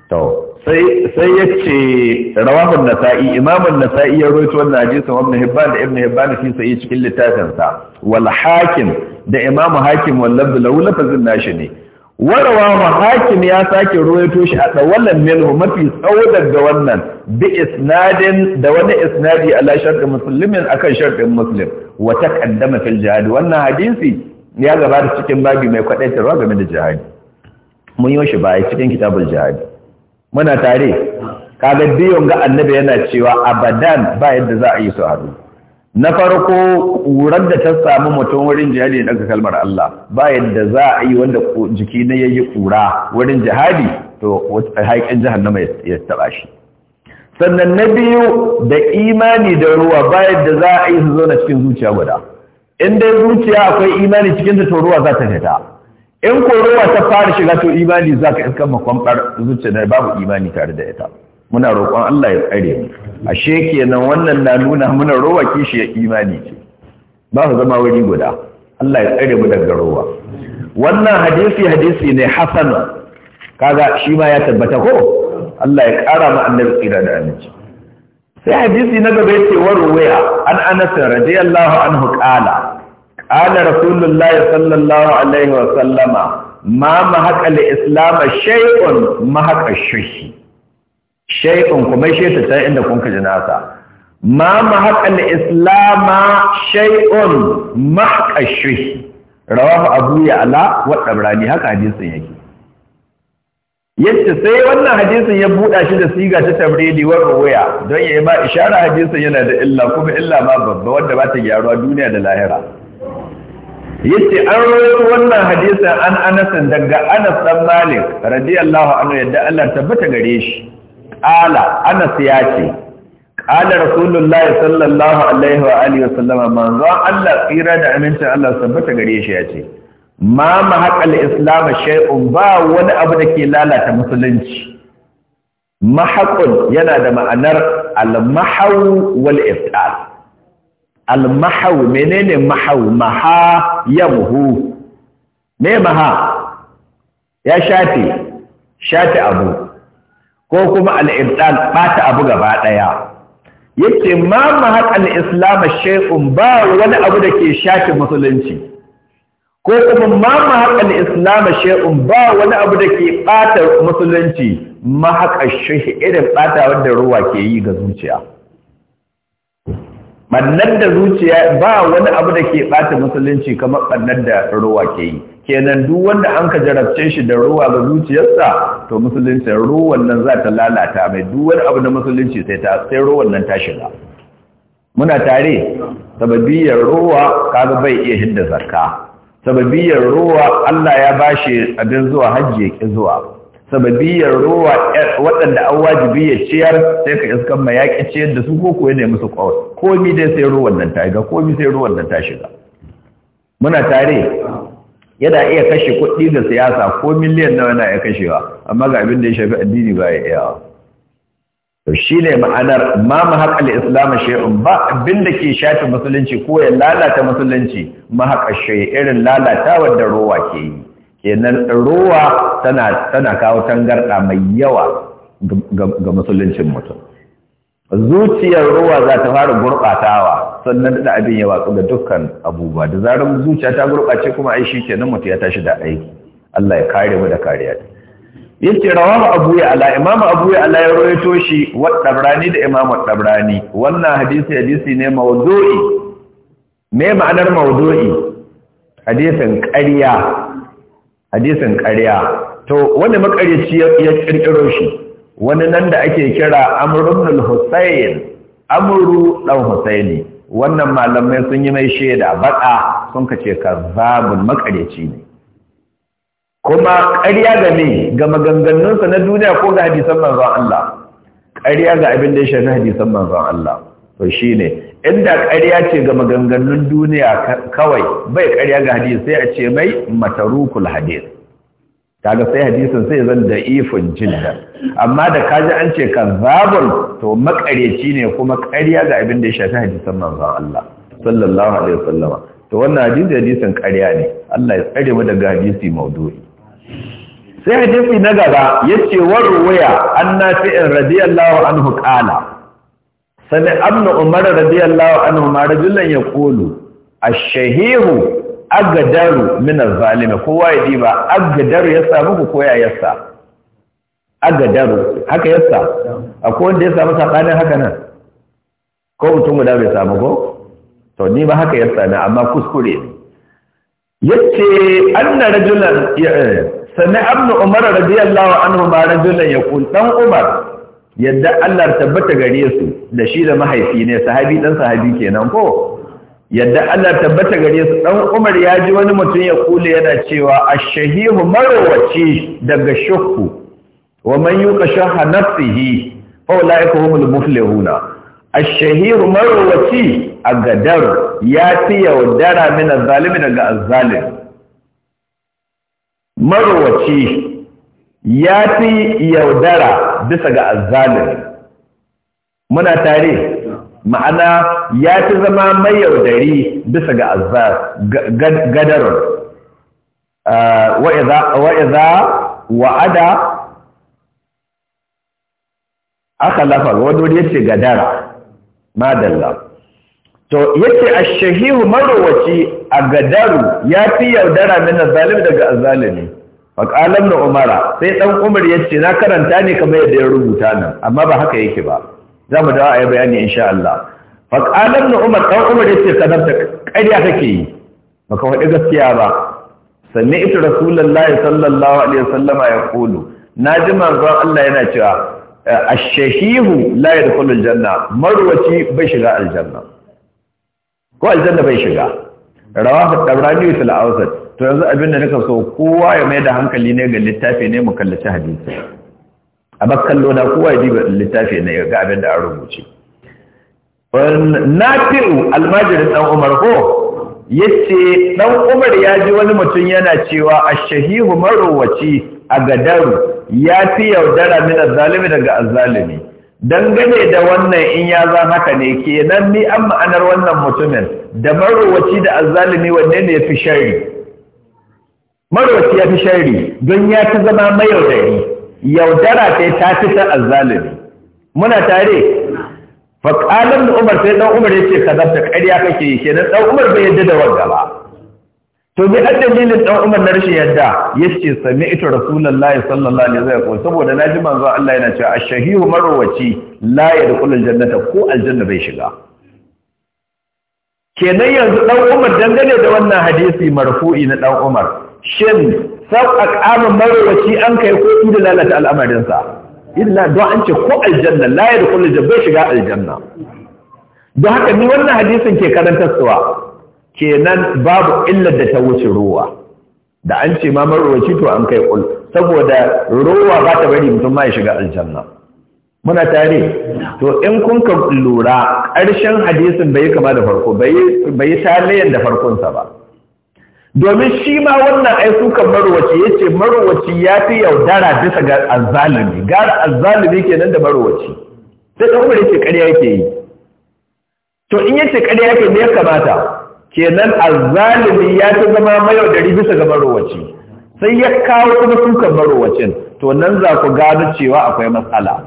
to sai ya ce rawahun nasa'i imamun nasa'i ya roito wannan hadisin ibn hibban da ibn hibban fi sai cikin littafinsa wal hakim da imamu hakim wallab lahu lafazin nashi ne warawa hakim ya sake roito shi a tsawalan minhu mafi tsawo daga wannan bi isnadin da wani isnadi ala shartin muslimin akan shartin muslim wa taqaddama fil jihad wannan hadisi ya gabata cikin babi mai kwadaitarwa game da jihadi mun yi shi baya cikin kitabul jihadi muna tare kaga biyon ga annabi yana cewa abadan ba yadda za a yi su haɗu na farko ƙurar da ta samu mutum wurin jihadi ne daga kalmar Allah ba yadda za a yi wanda jiki na yayi kura wurin jihadi to haƙin jahannama ya taba shi sannan na biyu da imani da ruwa ba yadda za a yi su zo na cikin zuciya guda in dai zuciya akwai imani cikin ta to ruwa za ta fita in ko ruwa ta fara shiga to imani za ka iska ma zuciya da babu imani tare da ita muna roƙon Allah ya tsare mu ashe kenan wannan na nuna muna rowa shi ya imani ce ba su zama wuri guda Allah ya tsare mu daga ruwa. wannan hadisi hadisi ne hasan kaga shi ma ya tabbata ko Allah ya ƙara mu annabi tsira da aminci sai hadisi na gaba yake warwaya an anas radiyallahu anhu qala qala rasulullahi sallallahu alaihi wa sallama ma mahaqa al-islam shay'un mahaqa shuhi shay'un kuma shayta ta inda kun ka jinasa ma mahaqa al-islam shay'un mahaqa shushi. rawahu abu ya'la wa tabrani haka hadisin yake yadda sai wannan hadisin ya buɗa shi da siga ta tabridi wa ruwaya don ya yi ba ishara hadisin yana da illa kuma illa ma babba wanda ba ta gyaruwa duniya da lahira yace an rawaito wannan hadisin an Anas daga Anas dan Malik radiyallahu anhu yadda Allah tabbata gare shi qala Anas ya ce qala rasulullahi sallallahu alaihi wa alihi wa sallama manzo Allah tsira da amincin Allah tabbata gare shi ya ce ma mahaqal islam shay'un ba wani abu da ke lalata musulunci mahaqun yana da ma'anar al-mahaw wal iftal al-mahaw menene mahaw maha yamhu me maha ya shafi shafi abu ko kuma al-ibtal bata abu gaba daya yace ma mahaqal islam shay'un ba wani abu da ke shafi musulunci ko kuma ma ni islam shay'un ba wani abu da ke ɓata musulunci haƙa shi irin ɓata wanda ruwa ke yi ga zuciya ɓannan da zuciya ba wani abu da ke ɓata musulunci kamar ɓannan da ruwa ke yi kenan duk wanda an ka jarabce shi da ruwa ga zuciyarsa to musulunci ruwan nan za ta lalata mai duk wani abu na musulunci sai ta sai ruwan nan ta shiga muna tare sababiyar ruwa kaga bai iya hidda zakka sababiyar ruwa Allah ya bashi abin zuwa hajji ya ƙi zuwa sababiyar ruwa eh, waɗanda an wajibi ya ciyar sai ka iskan ma ya ciyar da su ko kuwa ne musu ƙawar komi dai sai ruwan nan ta shiga komi sai ruwan nan ta shiga muna tare yana iya kashe kuɗi da siyasa ko miliyan nawa yana iya kashewa amma ga abin da ya shafi addini ba ya iyawa to shine ma'anar ma haƙa al shi'un ba abinda ke shafi musulunci ko ya lalata musulunci mahaq irin lalata wadda rowa ke yi kenan rowa tana kawo tangarɗa mai yawa ga musuluncin mutum zuciyar rowa za ta fara gurɓatawa, sannan da abin ya watsu ga dukkan abubuwa da zarar zuciya ta gurɓace kuma aishi kenan mutum ya tashi da aiki Allah ya kare mu da kariya yace rawar abu ya ala imam abu ya ala ya rawaito shi wa dabrani da imam dabrani wannan hadisi hadisi ne mawdu'i me ma'anar mawdu'i hadisin ƙarya hadisin ƙarya to wani makaryaci ya kirkiro shi wani nan da ake kira amru ibn al-Husayn Amru dan husayni wannan malamai sun yi mai sheda baka sun kace kazzabun makaryaci ne kuma ƙarya ga me ga maganganunsa na duniya ko ga hadisan manzon Allah ƙarya ga abin da ya shafi hadisan manzon Allah to shine inda ƙarya ce ga maganganun duniya kawai bai ƙarya ga hadisi sai a ce mai matarukul hadis kaga sai hadisin sai zan da ifin jidda amma da kaji an ce kazabul to makareci ne kuma ƙarya ga abin da ya shafi hadisan manzon Allah sallallahu alaihi wasallam to wannan hadisi hadisin ƙarya ne Allah ya tsare mu daga hadisi maudu'i sai hadisi na gaba yace warwaya in radiyallahu anhu qala sami abnu umar radiyallahu anhu ma rajulan yaqulu ash-shahihu agadaru min az-zalimi kowa ya diba agadaru ya samu ku koya yassa agadaru haka yassa akwai wanda ya samu sakanin haka nan ko mutum guda bai samu ko to ni ba haka yassa na amma kuskure yace anna rajulan sannan abnu umar radiyallahu anhu ma rajulan yaqul dan umar yadda Allah tabbata gare su da shi da mahaifi ne sahabi dan sahabi kenan ko yadda Allah tabbata gare su dan Umar ya ji wani mutum ya kula yana cewa ash-shahihu marwaci daga shukku wa man yuqashaha nafsihi fa ulaika humul muflihuna ash-shahihu marwaci agadar ya fi yaudara min az-zalimi daga az marowaci ya fi yaudara bisa ga azalin muna tare ma'ana ya fi zama mai yaudari bisa ga gadarun ah, wa'iza wa'ada aka lafa wadda ya ce gadara madalla to yace ash-shahihu marwaci a gadaru ya fi yaudara min zalim daga azalimi faqala na umara sai dan umar yace na karanta ne kamar yadda ya rubuta nan amma ba haka yake ba zamu dawo ayi bayani insha Allah faqala na umar dan umar yace kadar ƙarya take yi baka faɗi gaskiya ba sanne ita rasulullahi sallallahu alaihi wasallama ya kulu naji manzo Allah yana cewa ash-shahihu la yadkhulul janna marwaci bai shiga aljanna ko aljanna bai shiga rawahu tabrani fil awsat to yanzu abin da nika so kowa ya mai da hankali ne ga littafi ne mu kallaci hadisi a bakkallo na kowa ya diba littafi ne ga abin da an rubuce nafi'u almajirin dan umar ko yace dan umar ya ji wani mutum yana cewa Ashahihu marwaci a gadaru ya fi yaudara min az-zalimi daga az dangane da wannan in ya za haka ne kenan ni an ma'anar wannan mutumin da marowaci da azzalumi wanne ne ya fi shari marowaci ya fi shari don ya ta zama mai yaudari yaudara ta ta fi ta azzalimi muna tare faƙalar da umar sai ɗan umar ya ce ka zafta ƙarya kake yi nan" ɗan umar bai yadda da wanda ba to bi an dalilin dan Umar na rashin yadda yace sami'tu rasulullahi sallallahu alaihi wasallam saboda na ji manzo Allah yana cewa ash-shahihu marwaci la yadkhulul jannata ko aljanna bai shiga kenan yanzu dan Umar dangane da wannan hadisi marfu'i na dan Umar shin sau aqama marwaci an kai ko idan lalata al'amarin sa illa don an ce ko aljanna la yadkhulul jannata bai shiga aljanna don haka ni wannan hadisin ke karantarwa kenan babu illar da ta wuce ruwa da an ce ma marwaci to an kai kul saboda ruwa ba ta bari mutum ma ya shiga aljanna muna tare to in kun ka lura ƙarshen hadisin bai kama da farko bai yi talayen da farkonsa ba domin shi ma wannan ai sukan marwaci ya ce marwaci ya fi yaudara bisa ga azalimi. gara ke kenan da marwaci sai ɗan umar ya ce ƙarya yake yi to in yace ce ƙarya yake ne ya kamata kenan azzalimi ya ta zama mayaudari bisa ga marowaci sai ya kawo kuma sukan marowacin to nan za ku gano cewa akwai matsala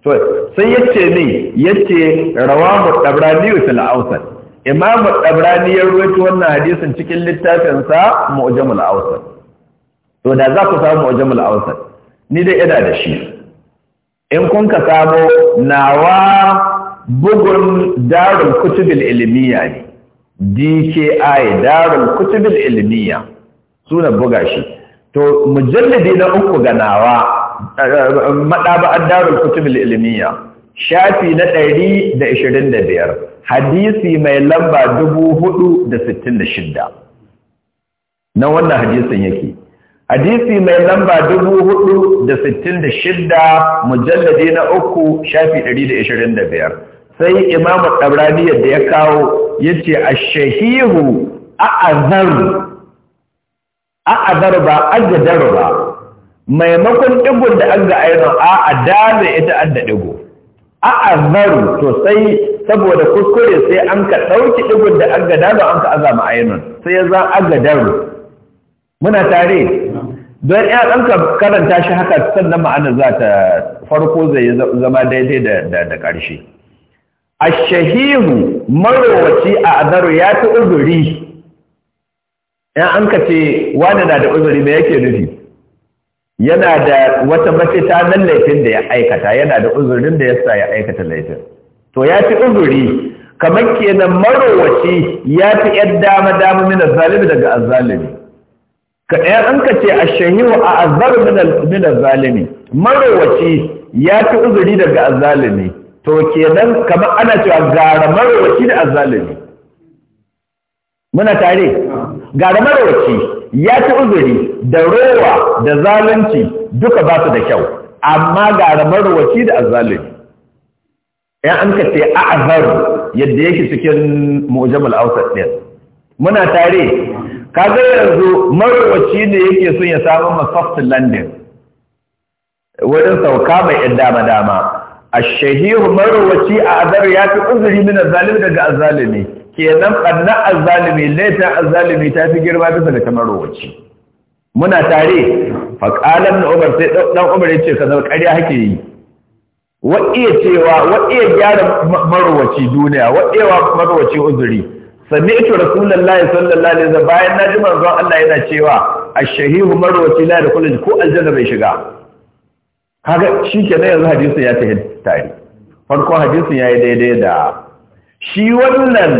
to sai ya ce ne ya ce rawa mu ɗabrani wa fil'ausar imam ɗabrani ya ruwaito wannan hadisin cikin littafinsa mu'jamul ausar to da za ku samu mu'jamul ausar ni dai ina da shi in kun ka samu nawa bugun darul kutubil ilmiya ne DKI Darul Kutubul Ilmiya suna buga shi to mujalladi na uku ga nawa eh, madaba'ar Darul Kutubul Ilmiya shafi na 125 hadisi mai lamba 466 na wannan hadisin yake hadisi mai lamba 466 mujalladi na uku shafi 125 sai imamu ɗabrani yadda ya kawo ya ce a shahihu azar ba daru ba maimakon ɗigon da an ga ainihin a dame ita an da ɗigo azar to sai saboda kuskure sai an ka ɗauki ɗigon da an ga dame an ka azama ainihin sai ya za daru muna tare don ya ka karanta shi haka sannan ma'ana za ta farko zai zama daidai da ƙarshe ashahihu marowaci a azaru ya fi uzuri yan an ka ce wani na da uzuri mai yake nufi yana da wata mafita nan laifin da ya aikata yana da uzurin da ya sa ya aikata laifin to ya fi uzuri kamar kenan marowaci ya fi ‘yan dama-dama min zalimi daga azalimi Yan an ka ce a azaru a azar min zalimi marowaci ya fi uzuri daga azalimi to kenan kamar ana cewa gara marwaci da azalimi muna tare gara marwaci ya ci uzuri da rowa da zalunci duka ba su da kyau amma gara marwaci da azalimi ya an ka ce yadda yake cikin mujamal ausar ɗin muna tare kaga yanzu marwaci ne yake son ya samu ma soft landing wurin sauka mai ‘yan dama-dama ash-shahih marwaci a azar ya fi uzuri min az-zalim daga az kenan banna az laifin laita az ta fi girma bisa ga marwaci muna tare fa qala ibn umar sai dan umar yace kaza ƙarya hake yi wa iya cewa wa iya gyara marwaci duniya wa iya marwaci uzuri sami'tu rasulullahi sallallahu alaihi wasallam bayan naji manzon Allah yana cewa ash-shahihu marwaci la da kullu ko aljanna bai shiga haka shi ke yanzu hadisun ya tafi tare farko hadisun ya yi daidai da shi wannan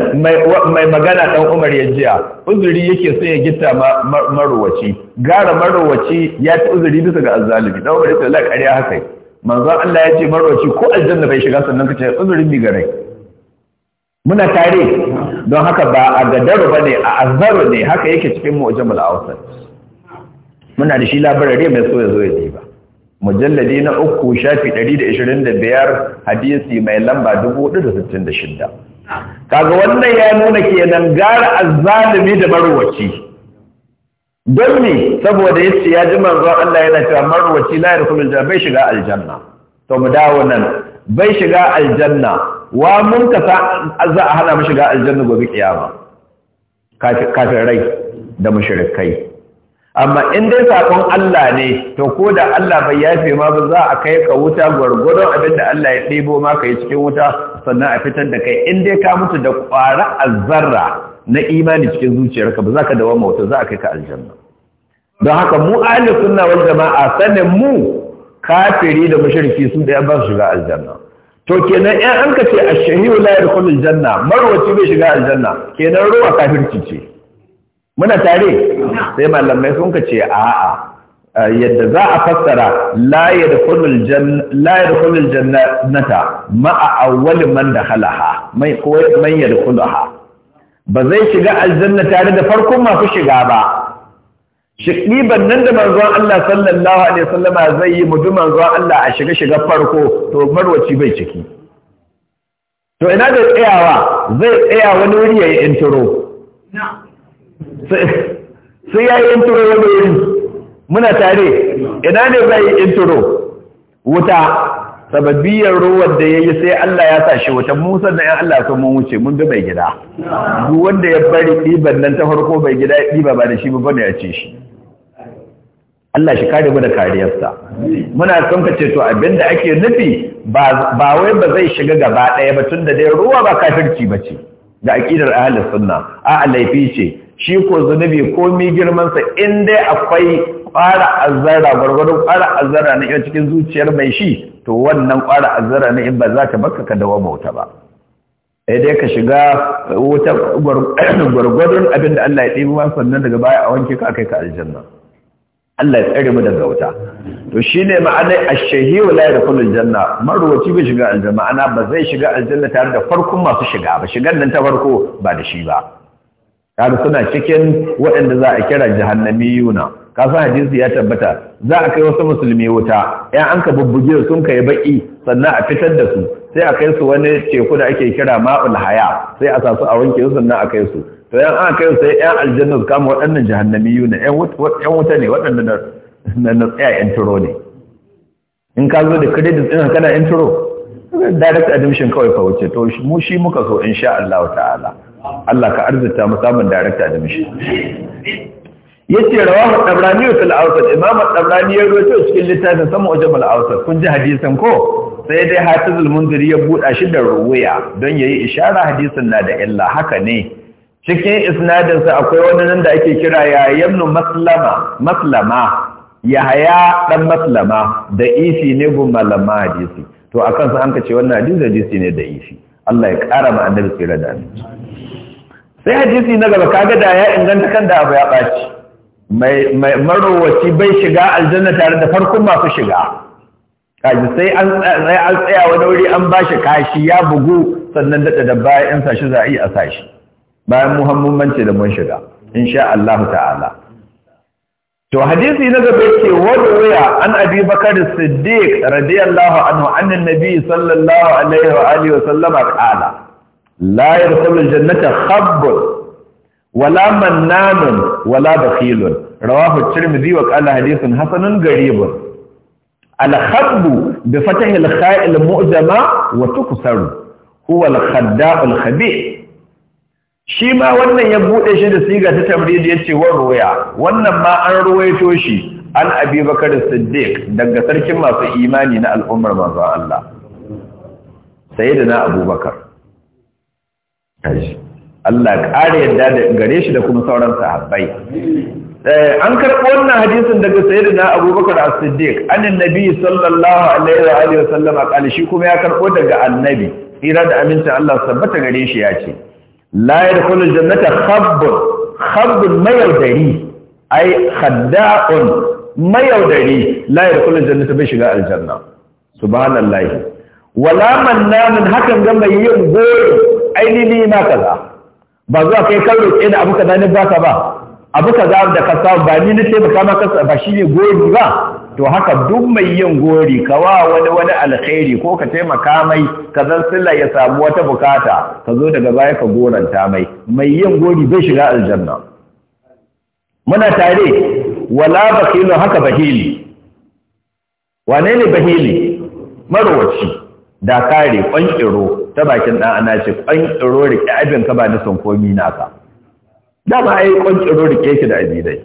mai magana ɗan umar ya jiya uzuri yake so ya gita marowaci gara marowaci ya ta uzuri bisa ga azalibi. ɗan umar ya tsalla ƙarya haka manzon Allah ya ce marowaci ko aljanna bai shiga sannan ka ce uzuri bi gare muna tare don haka ba a gadar ba ne a azaru ne haka yake cikin mu'jamul awsat muna da shi labarare mai so ya zo ya ji ba mujalladi na uku shafi 125 hadisi mai lamba 466 kaga wannan ya nuna kenan gara azzalimi da marwaci don me saboda yace ya ji manzon Allah yana cewa marwaci la yarkulu aljanna bai shiga aljanna to mu dawo nan bai shiga aljanna wa mun ka za a hana mu shiga aljanna gobe kiyama kafin rai da mushrikai amma in dai sakon Allah ne to ko da Allah bai yafe ma ba za a kai ka wuta gwargwadon abin da Allah ya ɗebo ma ka yi cikin wuta sannan a fitar da kai in dai ka mutu da ƙwara azzarra na imani cikin zuciyarka ba za ka dawo mawuta za a kai ka aljanna don haka mu ahli sunna wal jama'a sanin mu kafiri da mushriki su da ba su shiga aljanna to kenan in an ka ce ash-shahiyu la yadkhulul janna marwaci bai shiga aljanna kenan ruwa kafirci ce muna tare sai malamai sun ka ce a'a yadda za a fassara la kullum jannata ma'a awwali man halaha, mai man ha ba zai shiga aljanna tare da farkon masu shiga ba ban nan da manzon Allah sallallahu alaihi wasallama zai yi mudu manzon Allah a shiga shiga farko to marwaci bai ciki to ina da tsayawa zai tsaya wani wuri yi intro sai ya yi intro wani wuri muna tare ina ne ba yi intro wuta sababbiyar ruwan da ya yi sai Allah ya sa shi wuta musan na ‘yan Allah sun mun wuce mun bi mai gida duk wanda ya bari ɗiban nan ta farko mai gida ɗiba ba da shi ba ne ya ce shi Allah shi kare mu da kariyarsa muna son ka ce to abinda ake nufi ba wai ba zai shiga gaba ɗaya ba tun da dai ruwa ba kafirci ba ce ga aƙidar ahalar sunna a laifi ce shi ko zunubi komi girmansa in dai akwai ƙwara azzara gwargwadon ƙwara azzara na iya cikin zuciyar mai shi to wannan ƙwara azzara na in ba za ta baka ka dawo bauta ba sai dai ka shiga wuta gwargwadon abin da Allah ya ɗebi ma sannan daga baya a wanke ka kai ka aljanna Allah ya tsare mu daga wuta to shine ma'anai a shahiyu la yadkhulu al-janna marwaci bai shiga aljanna ma'ana ba zai shiga aljanna tare da farkon masu shiga ba shigan nan ta farko ba da shi ba kada suna cikin waɗanda za a kira Yuna. kasan hadisi ya tabbata za a kai wasu musulmi wuta ya an ka bubbuge sun kai baki sannan a fitar da su sai a kai su wani teku da ake kira ma'ul haya sai a sa su a wanke su sannan a kai su to yan an kai su sai yan aljanna su kama waɗannan Yuna yan wuta ne waɗanda na tsaya yan turo ne in ka zo da kredit ɗin kana yan turo direct admission kawai ka wuce to mu shi muka so insha Allah ta'ala Allah ka arzuta musamman samun darakta da mishi yace rawahu tabrani wa awsat imam tabrani ya rawaito cikin littafin sama wajen al awsat kun ji hadisin ko sai dai hatizul munziri ya buda shi da ruwaya don yayi ishara hadisin na da illa haka ne cikin isnadin sa akwai wani nan da ake kira yayyamnu maslama maslama yahaya dan maslama da isi ne gumalama hadisi to akan sa an ka ce wannan hadisi hadisi ne da isi Allah ya ƙara ma annabi tsira da aminci sai hadisi na gaba kaga da ya inganta kan da abu ya ɓaci mai marowaci bai shiga aljanna tare da farkon masu shiga kaji sai an tsaya wani wuri an ba shi kashi ya bugu sannan daɗa da bayan sashi za a yi a sashi bayan muhammun mance da mun shiga insha Allah ta'ala to hadisi na gaba ce wadda an abi bakar siddiq radiyallahu anhu annan nabi sallallahu alaihi wa alihi wa sallama qala la yadkhulul jannata khabbun wala mannanun wala bakhilun rawahu tirmidhi wa qala hadithun hasanun gharibun الخب بفتح الخاء المؤذمة وتكسر هو الخداء الخبيث shi ma wannan ya buɗe shi da siga ta tamrid ya ce wa ruwaya wannan ma an ruwaito shi an abi bakar siddiq daga sarkin masu imani na al'ummar manzo Allah sai da na abubakar Allah ƙara yadda da gare shi da kuma sauran sahabbai eh, an karɓi wannan hadisin daga sayyidina abubakar as-siddiq anin nabi sallallahu alaihi wa alihi wa sallama shi kuma ya karɓo daga annabi tsira da aminta Allah sabbata gare shi ya ce la yadkhulu jannata khabbun khabbun mayaudari ai khadda'un mayaudari la yadkhulu jannata bai shiga aljanna subhanallahi wala mannamin hakan ga mai yin gori ainihi ma kaza ba zuwa kai kan roƙe da abu kaza ne ba abu ka za da ka samu ba ni na taimaka maka ba shi ne gori ba to haka duk mai yin gori ka wa wani wani alkhairi ko ka taimaka mai ka zan silla ya samu wata bukata ka zo daga baya ka goranta mai mai yin gori bai shiga aljanna muna tare wala bakilu haka bahili wane ne bahili marwaci da kare kwankiro ta bakin dan ana ce rike abin ka ba na son komi naka dama ai kwanciro rike shi da abinai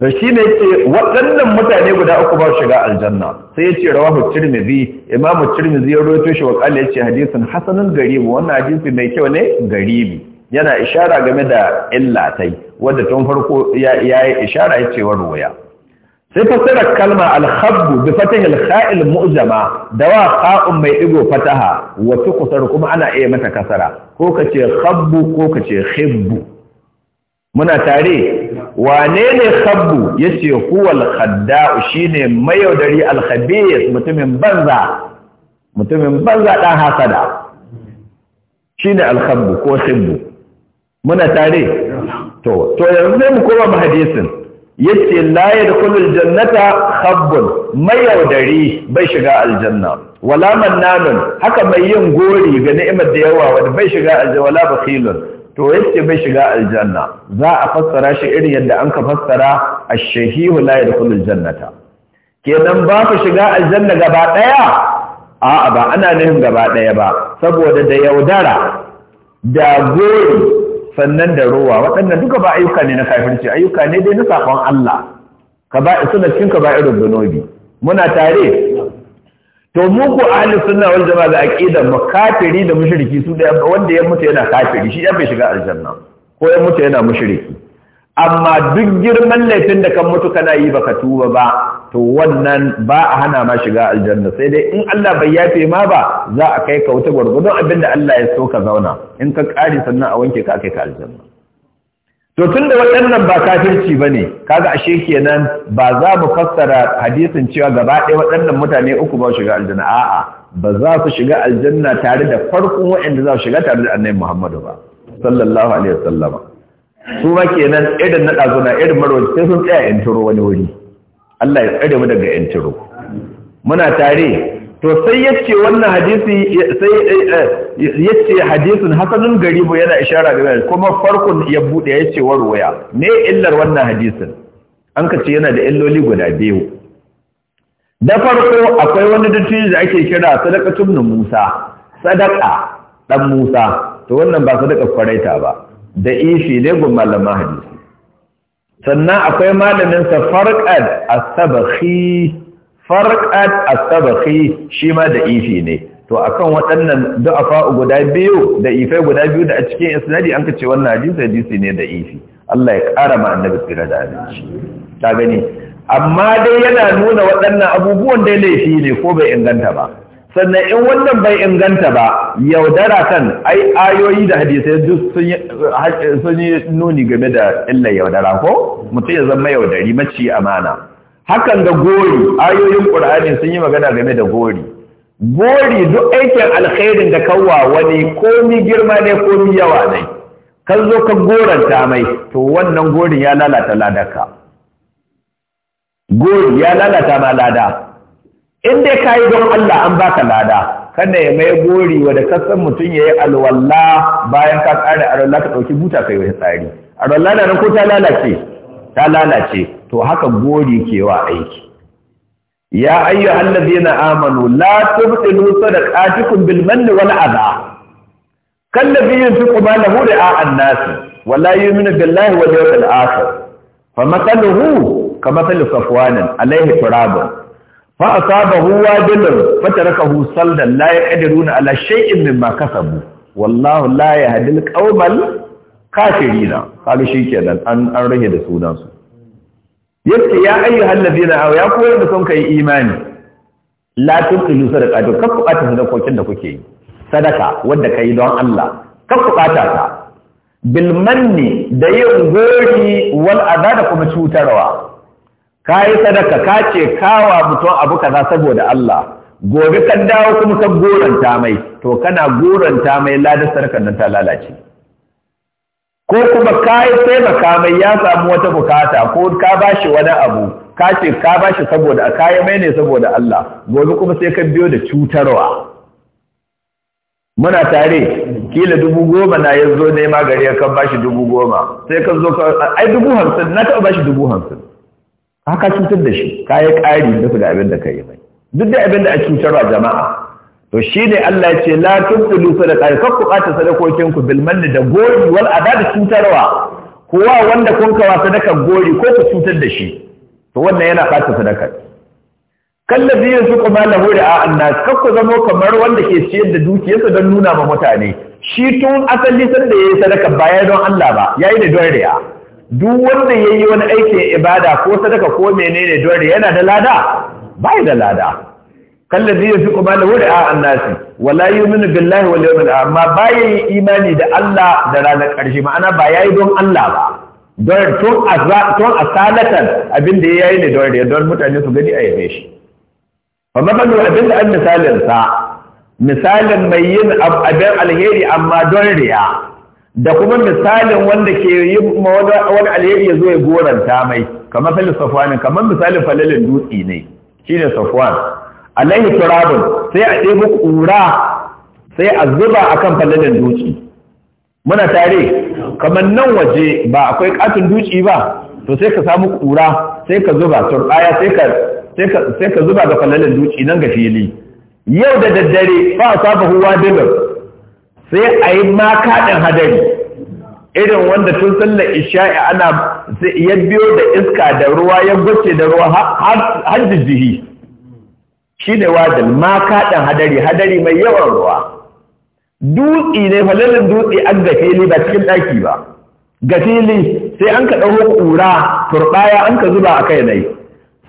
da shi ne ce waɗannan mutane guda uku ba shiga aljanna sai ya ce rawahu tirmidhi imamu tirmidhi ya rawaito shi wa ya ce hadisin hasanun garibi wannan hadisi mai kyau ne garibi yana ishara game da illatai wadda tun farko ya yi ishara ya ce wa ruwaya sai fasirar kalma alhabbu bi fatah alkha'il mu'jama da wa qa'un mai digo fataha wa tuqsar kuma ana iya mata kasara ko kace khabbu ko kace khibbu muna tare wane ne khabbu yace huwa alkhadda'u shine mayaudari alkhabith mutumin banza mutumin banza dan hasada shine alkhabbu ko khibbu muna tare to to yanzu mu koma hadisin yace la yadkhulul jannata khabbun mayaudari bai shiga aljanna wala mannanun haka mai yin gori ga ni'imar da yawa wanda bai shiga aljanna wala bakhilun to yace bai shiga aljanna za a fassara shi irin yadda an ka fassara ash-shahihu la yadkhulul jannata kenan ba ku shiga aljanna gaba daya a'a ba ana nufin gaba daya ba saboda da yaudara da gori sannan da ruwa waɗannan duka ba ayyuka ne na kafirci ayyuka ne dai na saƙon Allah suna cikin ka ba irin binobi muna tare to mu Ali ahli sunna wal jama'a da aqidar mu kafiri da mushriki su da wanda ya mutu yana kafiri shi ya bai shiga aljanna ko ya mutu yana mushriki amma duk girman laifin da kan mutu kana yi baka tuba ba to wannan ba a hana ma shiga aljanna sai dai in Allah bai yafe ma ba za a kai ka wuta gwargwadon abinda Allah ya so ka zauna in ka kare sannan a wanke ka kai ka aljanna to tunda waɗannan ba kafirci bane kaga ashe kenan ba za mu fassara hadisin cewa gaba ɗaya waɗannan mutane uku ba shiga aljanna a'a ba za su shiga aljanna tare da farkon waɗanda za su shiga tare da annabi Muhammadu ba sallallahu alaihi wasallama su ma kenan irin na ɗazuna irin marwaci sai sun tsaya yantaro wani wuri Allah ya tsare mu daga yantaro muna tare to sai yace wannan hadisi sai eh, yace hadisin hasanun garibu yana ishara ga kuma farkon ya bude yace warwaya me illar wannan hadisin an ka ce yana da illoli guda biyu da farko akwai wani dattijo da ake kira sadaqatun Musa sadaqa dan Musa to wannan ba sadaqa kwaraita ba da ifi ne gun malamin hadisi sannan akwai malamin sa farqad as-sabakhi as shi ma da ifi ne to akan waɗannan du'afa guda biyu da ifai guda biyu da a cikin isnadi an ce wannan hadisi hadisi ne da ifi Allah ya ƙara ma annabi tsira da aminci ta gani amma dai yana nuna waɗannan abubuwan dai laifi ne ko bai inganta ba sannan in wannan bai inganta ba yaudara kan ai ayoyi da hadisai duk sun yi nuni game da illar yaudara ko mutum ya zama yaudari maci amana hakan da gori ayoyin ƙur'ani sun yi magana game da gori gori duk aikin alkhairin da kawwa wani komi girma ne komi yawa ne kan zo ka goranta mai to wannan gorin ya lalata ladaka gori ya lalata ma lada in dai ka yi don Allah an ba ka lada kada ya mai gori da kasan mutum ya yi alwalla bayan ka tsara alwalla ka ɗauki buta ka yi wani tsari alwalla na nan ko ta lalace ta lalace to haka gori wa aiki ya ayyu na amanu la tubtilu sadaqatikum bil manni wal adha kallazi yunfiqu malahu ri'a an-nas ولا يؤمن بالله واليوم الآخر ka كمثل صفوان عليه تراب fa asabahu wabilun fatarakahu saldan la yaqdiruna ala shay'in mimma kasabu wallahu la yahdil qaumal kafirina kaga shikenan an an rage da sunan su yace ya ayyuhal ladina aw ya koyar da sun kai imani la tuqilu sadaqatu ka ata sadakokin da kuke yi sadaka wanda kai don Allah kafu ata ta bil manni da yin gori wal adada kuma cutarwa ka yi sadaka ka ce kawa mutum abu kaza saboda Allah gobe kan dawo kuma kan goranta mai to kana goranta mai ladar sarkar nan ta lalace ko kuma ka yi taimaka mai ya samu wata bukata ko ka ba shi wani abu ka ce ka ba shi saboda ka yi mai ne saboda Allah gobe kuma sai ka biyo da cutarwa muna tare kila dubu goma na ya zo nema gari ya kan shi dubu goma sai ka zo ka ai dubu hamsin na taɓa bashi dubu hamsin haka cutar da shi ka yi ƙari su da abin da ka yi mai duk da abin da a cutarwa jama'a to shi ne Allah ya ce la tubdulu da ka ku ɓata sadakokin ku bil da gori wal ada da cutarwa kowa wanda kun kawa sadakar gori ko ku cutar da shi to wannan yana ɓata sadakar kallabi yanzu kuma lahu da annas ka ku zamo kamar wanda ke ciyar da dukiyarsa don nuna ma mutane shi tun asali sanda yi sadaka ba ya don Allah ba ya yi da don riya duk wanda ya yi wani aikin ibada ko sadaka ko menene dole yana da lada bai da lada kallabi ya fi kuma da wuri a annasi wala yi mini billahi wal yawmin amma ba ya yi imani da Allah da ranar ƙarshe ma'ana ba ya yi don Allah ba don tun asalatan abin da ya yi ne ya, don mutane su gani a yabe shi ba mafano abin da an misalin misalin mai yin abin alheri amma don riya da kuma misalin wanda ke yi wani alheri ya zo ya goranta mai kamar falin safwanin kamar misalin falalin dutse ne shi ne safwan alaihi turabin, sai a ɗebi ƙura sai a zuba akan falalin dutse muna tare kamar nan waje ba akwai katin dutse ba to sai ka samu ƙura sai ka zuba turɓaya sai ka zuba ga falalin dutse nan ga fili yau da daddare ba a saba huwa dinar sai a yi makaɗin hadari irin wanda tun sallar isha'i ana ya biyo da iska da ruwa ya gwace da ruwa har jijjihi shi ne wajen makaɗin hadari hadari mai yawan ruwa dutsi ne falalin dutsi an ga fili ba cikin ɗaki ba ga fili sai an ka ɗauko ƙura turɓaya an ka zuba a kai nai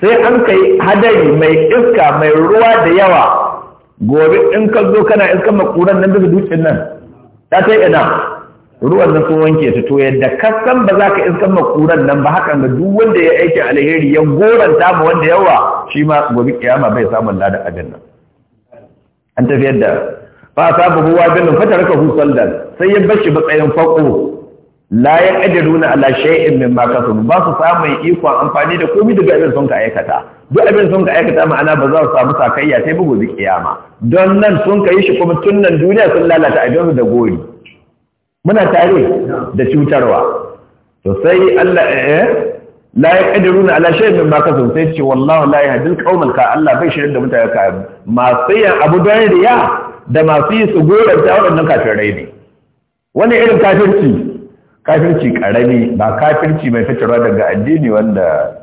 sai an ka yi hadari mai iska mai ruwa da yawa gobe in ka zo kana iskan makuran nan daga dutsen nan ta ta ina ruwan nan sun wanke ta to yadda ka san ba za ka iskan makuran nan ba hakan ga duk wanda ya aiki alheri ya goranta ma wanda yawa shi ma gobe kiyama bai samun lada abin nan an tafiyar da fa sabu huwa fata raka hu saldan sai ya bashi matsayin fako la ya ajiruna ala shay'in mimma ma kasabu ba su samun ikon amfani da komai daga irin sun ka aikata duk abin sun ka aikata ma'ana ba za su samu sakayya sai bugu da kiyama don nan sun ka yi shi kuma tun nan duniya sun lalata abin da gori muna tare da cutarwa to sai Allah eh la na ala shay'in mimma kasu sai ce wallahi la yahdil qaumal ka Allah bai shirin da mutane ka masu yin abu don riya da masu yi su da ta waɗannan rai ne wani irin kafirci kafirci karami ba kafirci mai fitarwa daga addini wanda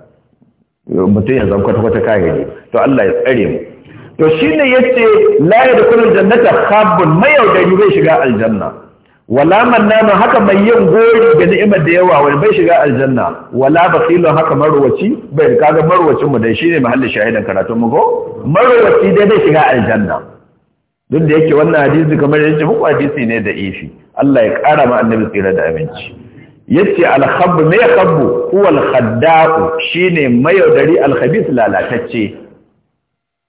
mutum ya zama kwata-kwata kagari to Allah ya tsare mu to shi ne ya ce da kunan jannata mai mayaudari bai shiga aljanna wala nama haka mai yin gori ga ni'imar da yawa wani bai shiga aljanna wala bakhilun haka marwaci bai kaga marwacin mu dai shine mahallin shahidan karatu mu ko marwaci dai bai shiga aljanna duk da yake wannan hadisi kamar yace muku hadisi ne da ifi Allah ya kara ma annabi tsira da aminci yace al-khabb me khabbu huwa al shine mayaudari al-khabith lalatacce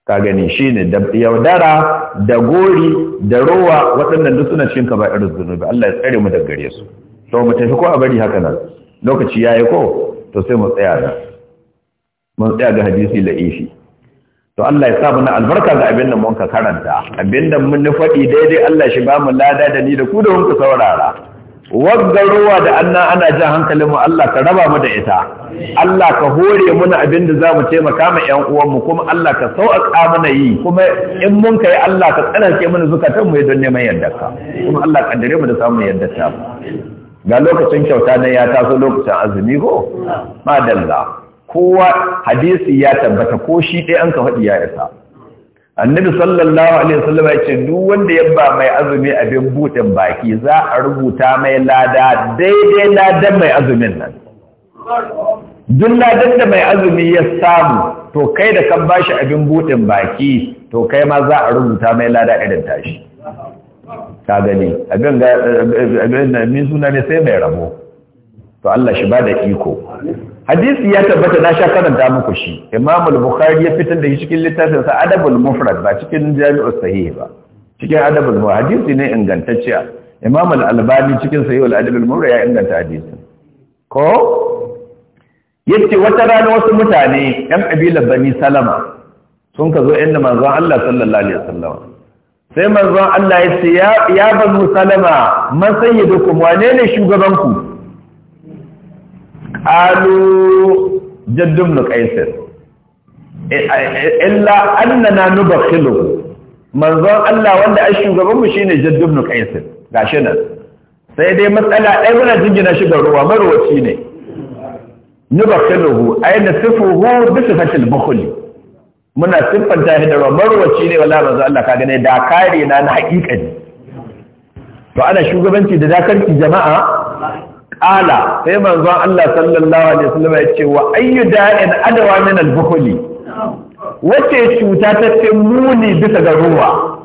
ka gani shine da yaudara da gori da rowa waɗannan duk suna cikin irin zunubi Allah ya tsare mu daga gare su to mu tafi ko a bari haka nan lokaci yayi ko to sai mu tsaya da mu tsaya ga hadisi la'ifi to Allah ya sa mu na albarka ga abin da mun ka karanta abin da mun faɗi daidai Allah shi ba mu lada da ni da ku da ku saurara wagga ruwa da annan ana jan hankalinmu Allah ka raba mu da ita Allah ka hore muna abin da za mu taimaka ma ‘yan uwanmu kuma Allah ka sauƙaƙa mana yi kuma in mun kai Allah ka tsanarke mana zukatan mu don neman ka kuma Allah ka dare mu da samun ta ga lokacin kyauta na ya taso lokacin azumi ko madalla kowa hadisi ya tabbata ko shi ɗaya an ka faɗi ya isa annabi sallallahu alaihi wasallam ya ce duk wanda ya ba mai azumi abin butin baki za a rubuta mai lada daidai ladan mai azumin nan duk ladan da mai azumi ya samu to kai da kan bashi abin butin baki to kai ma za a rubuta mai lada irin tashi ka gani abin ga abin da min suna ne sai mai rabo to Allah shi ba da iko hadisi ya tabbata na sha karanta muku shi imam al-bukhari ya fitar da shi cikin littafin sa adabul mufrad ba cikin jami'us sahih ba cikin adabul mufrad hadisi ne ingantacciya imam al-albani cikin sahih al-adabul mufrad ya inganta hadisi ko yace wata rana wasu mutane yan kabilar bani salama sun ka zo inda manzon Allah sallallahu alaihi wasallam sai manzon Allah ya ce ya bani salama man sayyidukum wane ne shugabanku qalu jaddum nuqaisir illa annana nubakhilu manzon Allah wanda ai shugaban mu shine jaddum nuqaisir gashi nan sai dai matsala ai muna jingina shi ga ruwa marwaci ne nubakhiluhu ay nasifuhu bi sifatil bukhli muna siffanta shi da ruwa marwaci ne wallahi manzon Allah ka gane da kare na na hakika ne to ana shugabanci da dakarki jama'a ala sai manzon Allah sallallahu alaihi wasallam ya ce wa ayyu da'in adawa min al wace cuta ta ce muni bisa ga ruwa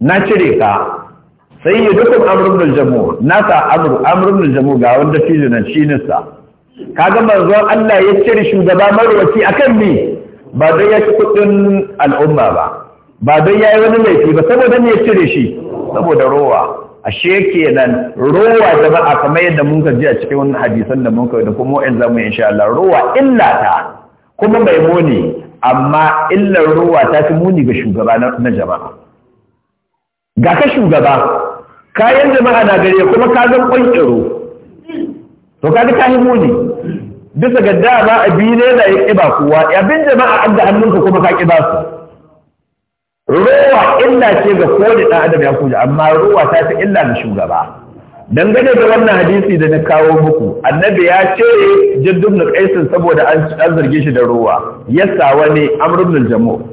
na cire ka sai yi dukkan amrun jamu na sa amru amrun jamu ga wanda fijo nan shi ne sa kaga manzon Allah ya cire shugaba marwaci akan me ba dai ya ci kudin al'umma ba ba dai yayi wani laifi ba saboda ne ya cire shi saboda ruwa ashe kenan rowa jama'a kamar yadda mun ka ji a cikin wannan hadisan da mun ka da kuma wa'in zamu insha Allah rowa illa ta kuma mai muni amma illar rowa ta fi muni ga shugaba na jama'a ga ka shugaba kayan jama'a na gare kuma ka zan kwankiro to ka ka yi muni bisa ga dama biyu ne da ya kiba kowa abin jama'a an da hannunka kuma ka kiba su rowa illa ce ga kowane ɗan adam ya kuje, amma rowa ta fi illa ga shugaba dangane da wannan hadisi da na kawo muku annabi ya ce jaddun na kaisin saboda an zarge shi da rowa ya sa wani amrun jamo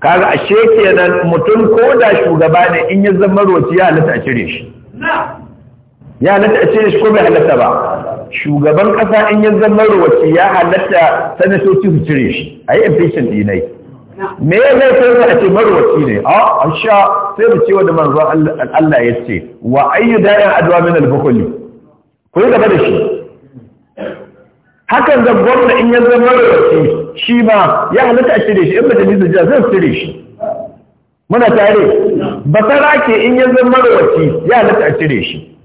kaga ashe kenan mutum ko da shugaba ne in ya zama roci ya halatta a cire shi ya halatta a cire shi ko bai halatta ba shugaban ƙasa in ya zama roci ya halatta sanatoci su cire shi a yi impeachment dinai me ya zai sai za a ce marwaci ne a sha sai mu ce wanda manzon Allah ya ce wa ayyu da'in adwa min al-bukhli ku yi gaba da shi hakan da gwamna in ya zama marwaci shi ma ya halatta a cire shi in ba ta nisa jiya zai cire shi muna tare ba ta rake in ya zama marwaci ya halatta a cire shi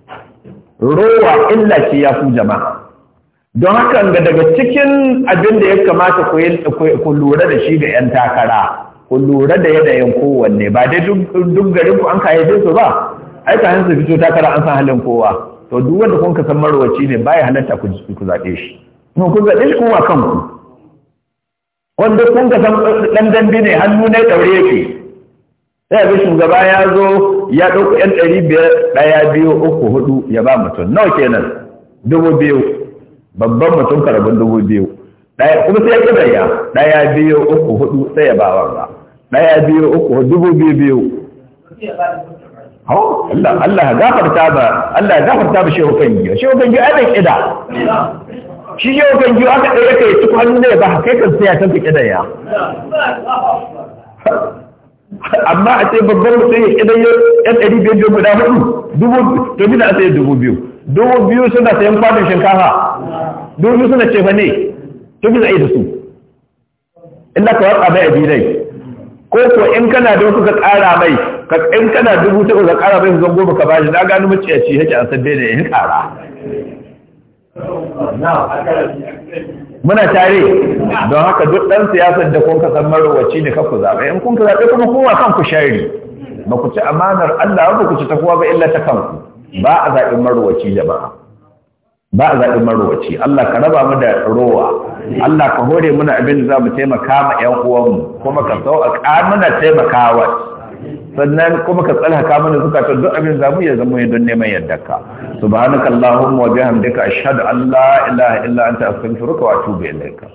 rowa illa ce ya fi jama'a don hakan ga daga cikin abin da ya kamata ku lura da shi ga 'yan takara ku lura da yanayin kowanne ba dai duk garin ku an kayyade su ba ai ka su fito takara an san halin kowa to duk wanda kun ka san marwaci ne baya halatta ku ku zaɓe shi ku zaɓe shi kuma kanku wanda kun ka san dan dambe ne hannu na daure yake sai abin shugaba ya zo ya ɗauko 'yan ɗari biyar ɗaya biyu uku hudu ya ba mutum nawa kenan dubu biyu babban mutum karabin dubu biyu kuma sai ya kidaya ɗaya biyu uku hudu sai ya ba wanga ɗaya biyu uku dubu biyu biyu hau Allah Allah gafarta ba Allah gafarta ba shehu kan giyo shehu kan giyo ai bai kida shi shehu kan giyo aka ɗaya kai tuku hannu ne ba kai kan sai ya san kidaya amma a ce babban mutum ya kidaya ɗan ɗari biyar guda hudu dubu to mina a sai dubu biyu dubu biyu suna sayan kwanon shinkafa dubu biyu suna cefa ne to bi zai da su inda ka watsa bai dai ko ko in kana da wasu ka ƙara mai in kana dubu ta ka kara mai zan goma ka ba shi na gano maciyaci yake a sabbe da yin ƙara muna tare don haka duk ɗan siyasar da kun ka san marwaci ne ku zaɓe in kun ka zaɓe kuma kowa kan ku shari ba ku ci amanar Allah ba ku ci ta kowa ba illa ta kanku ba a zaɓin marwaci jama'a ba a zaɓin marwaci. Allah ka raba mu da rowa Allah ka hore muna abin da za mu taimaka ma 'yan uwanmu kuma ka sauƙa muna wa sannan kuma ka tsalhaka mana ta, duk abin zamu ya zama don neman ka subhanaka allahumma wa bihamdika ashhadu an la ilaha illa anta astaghfiruka wa atubu ilaika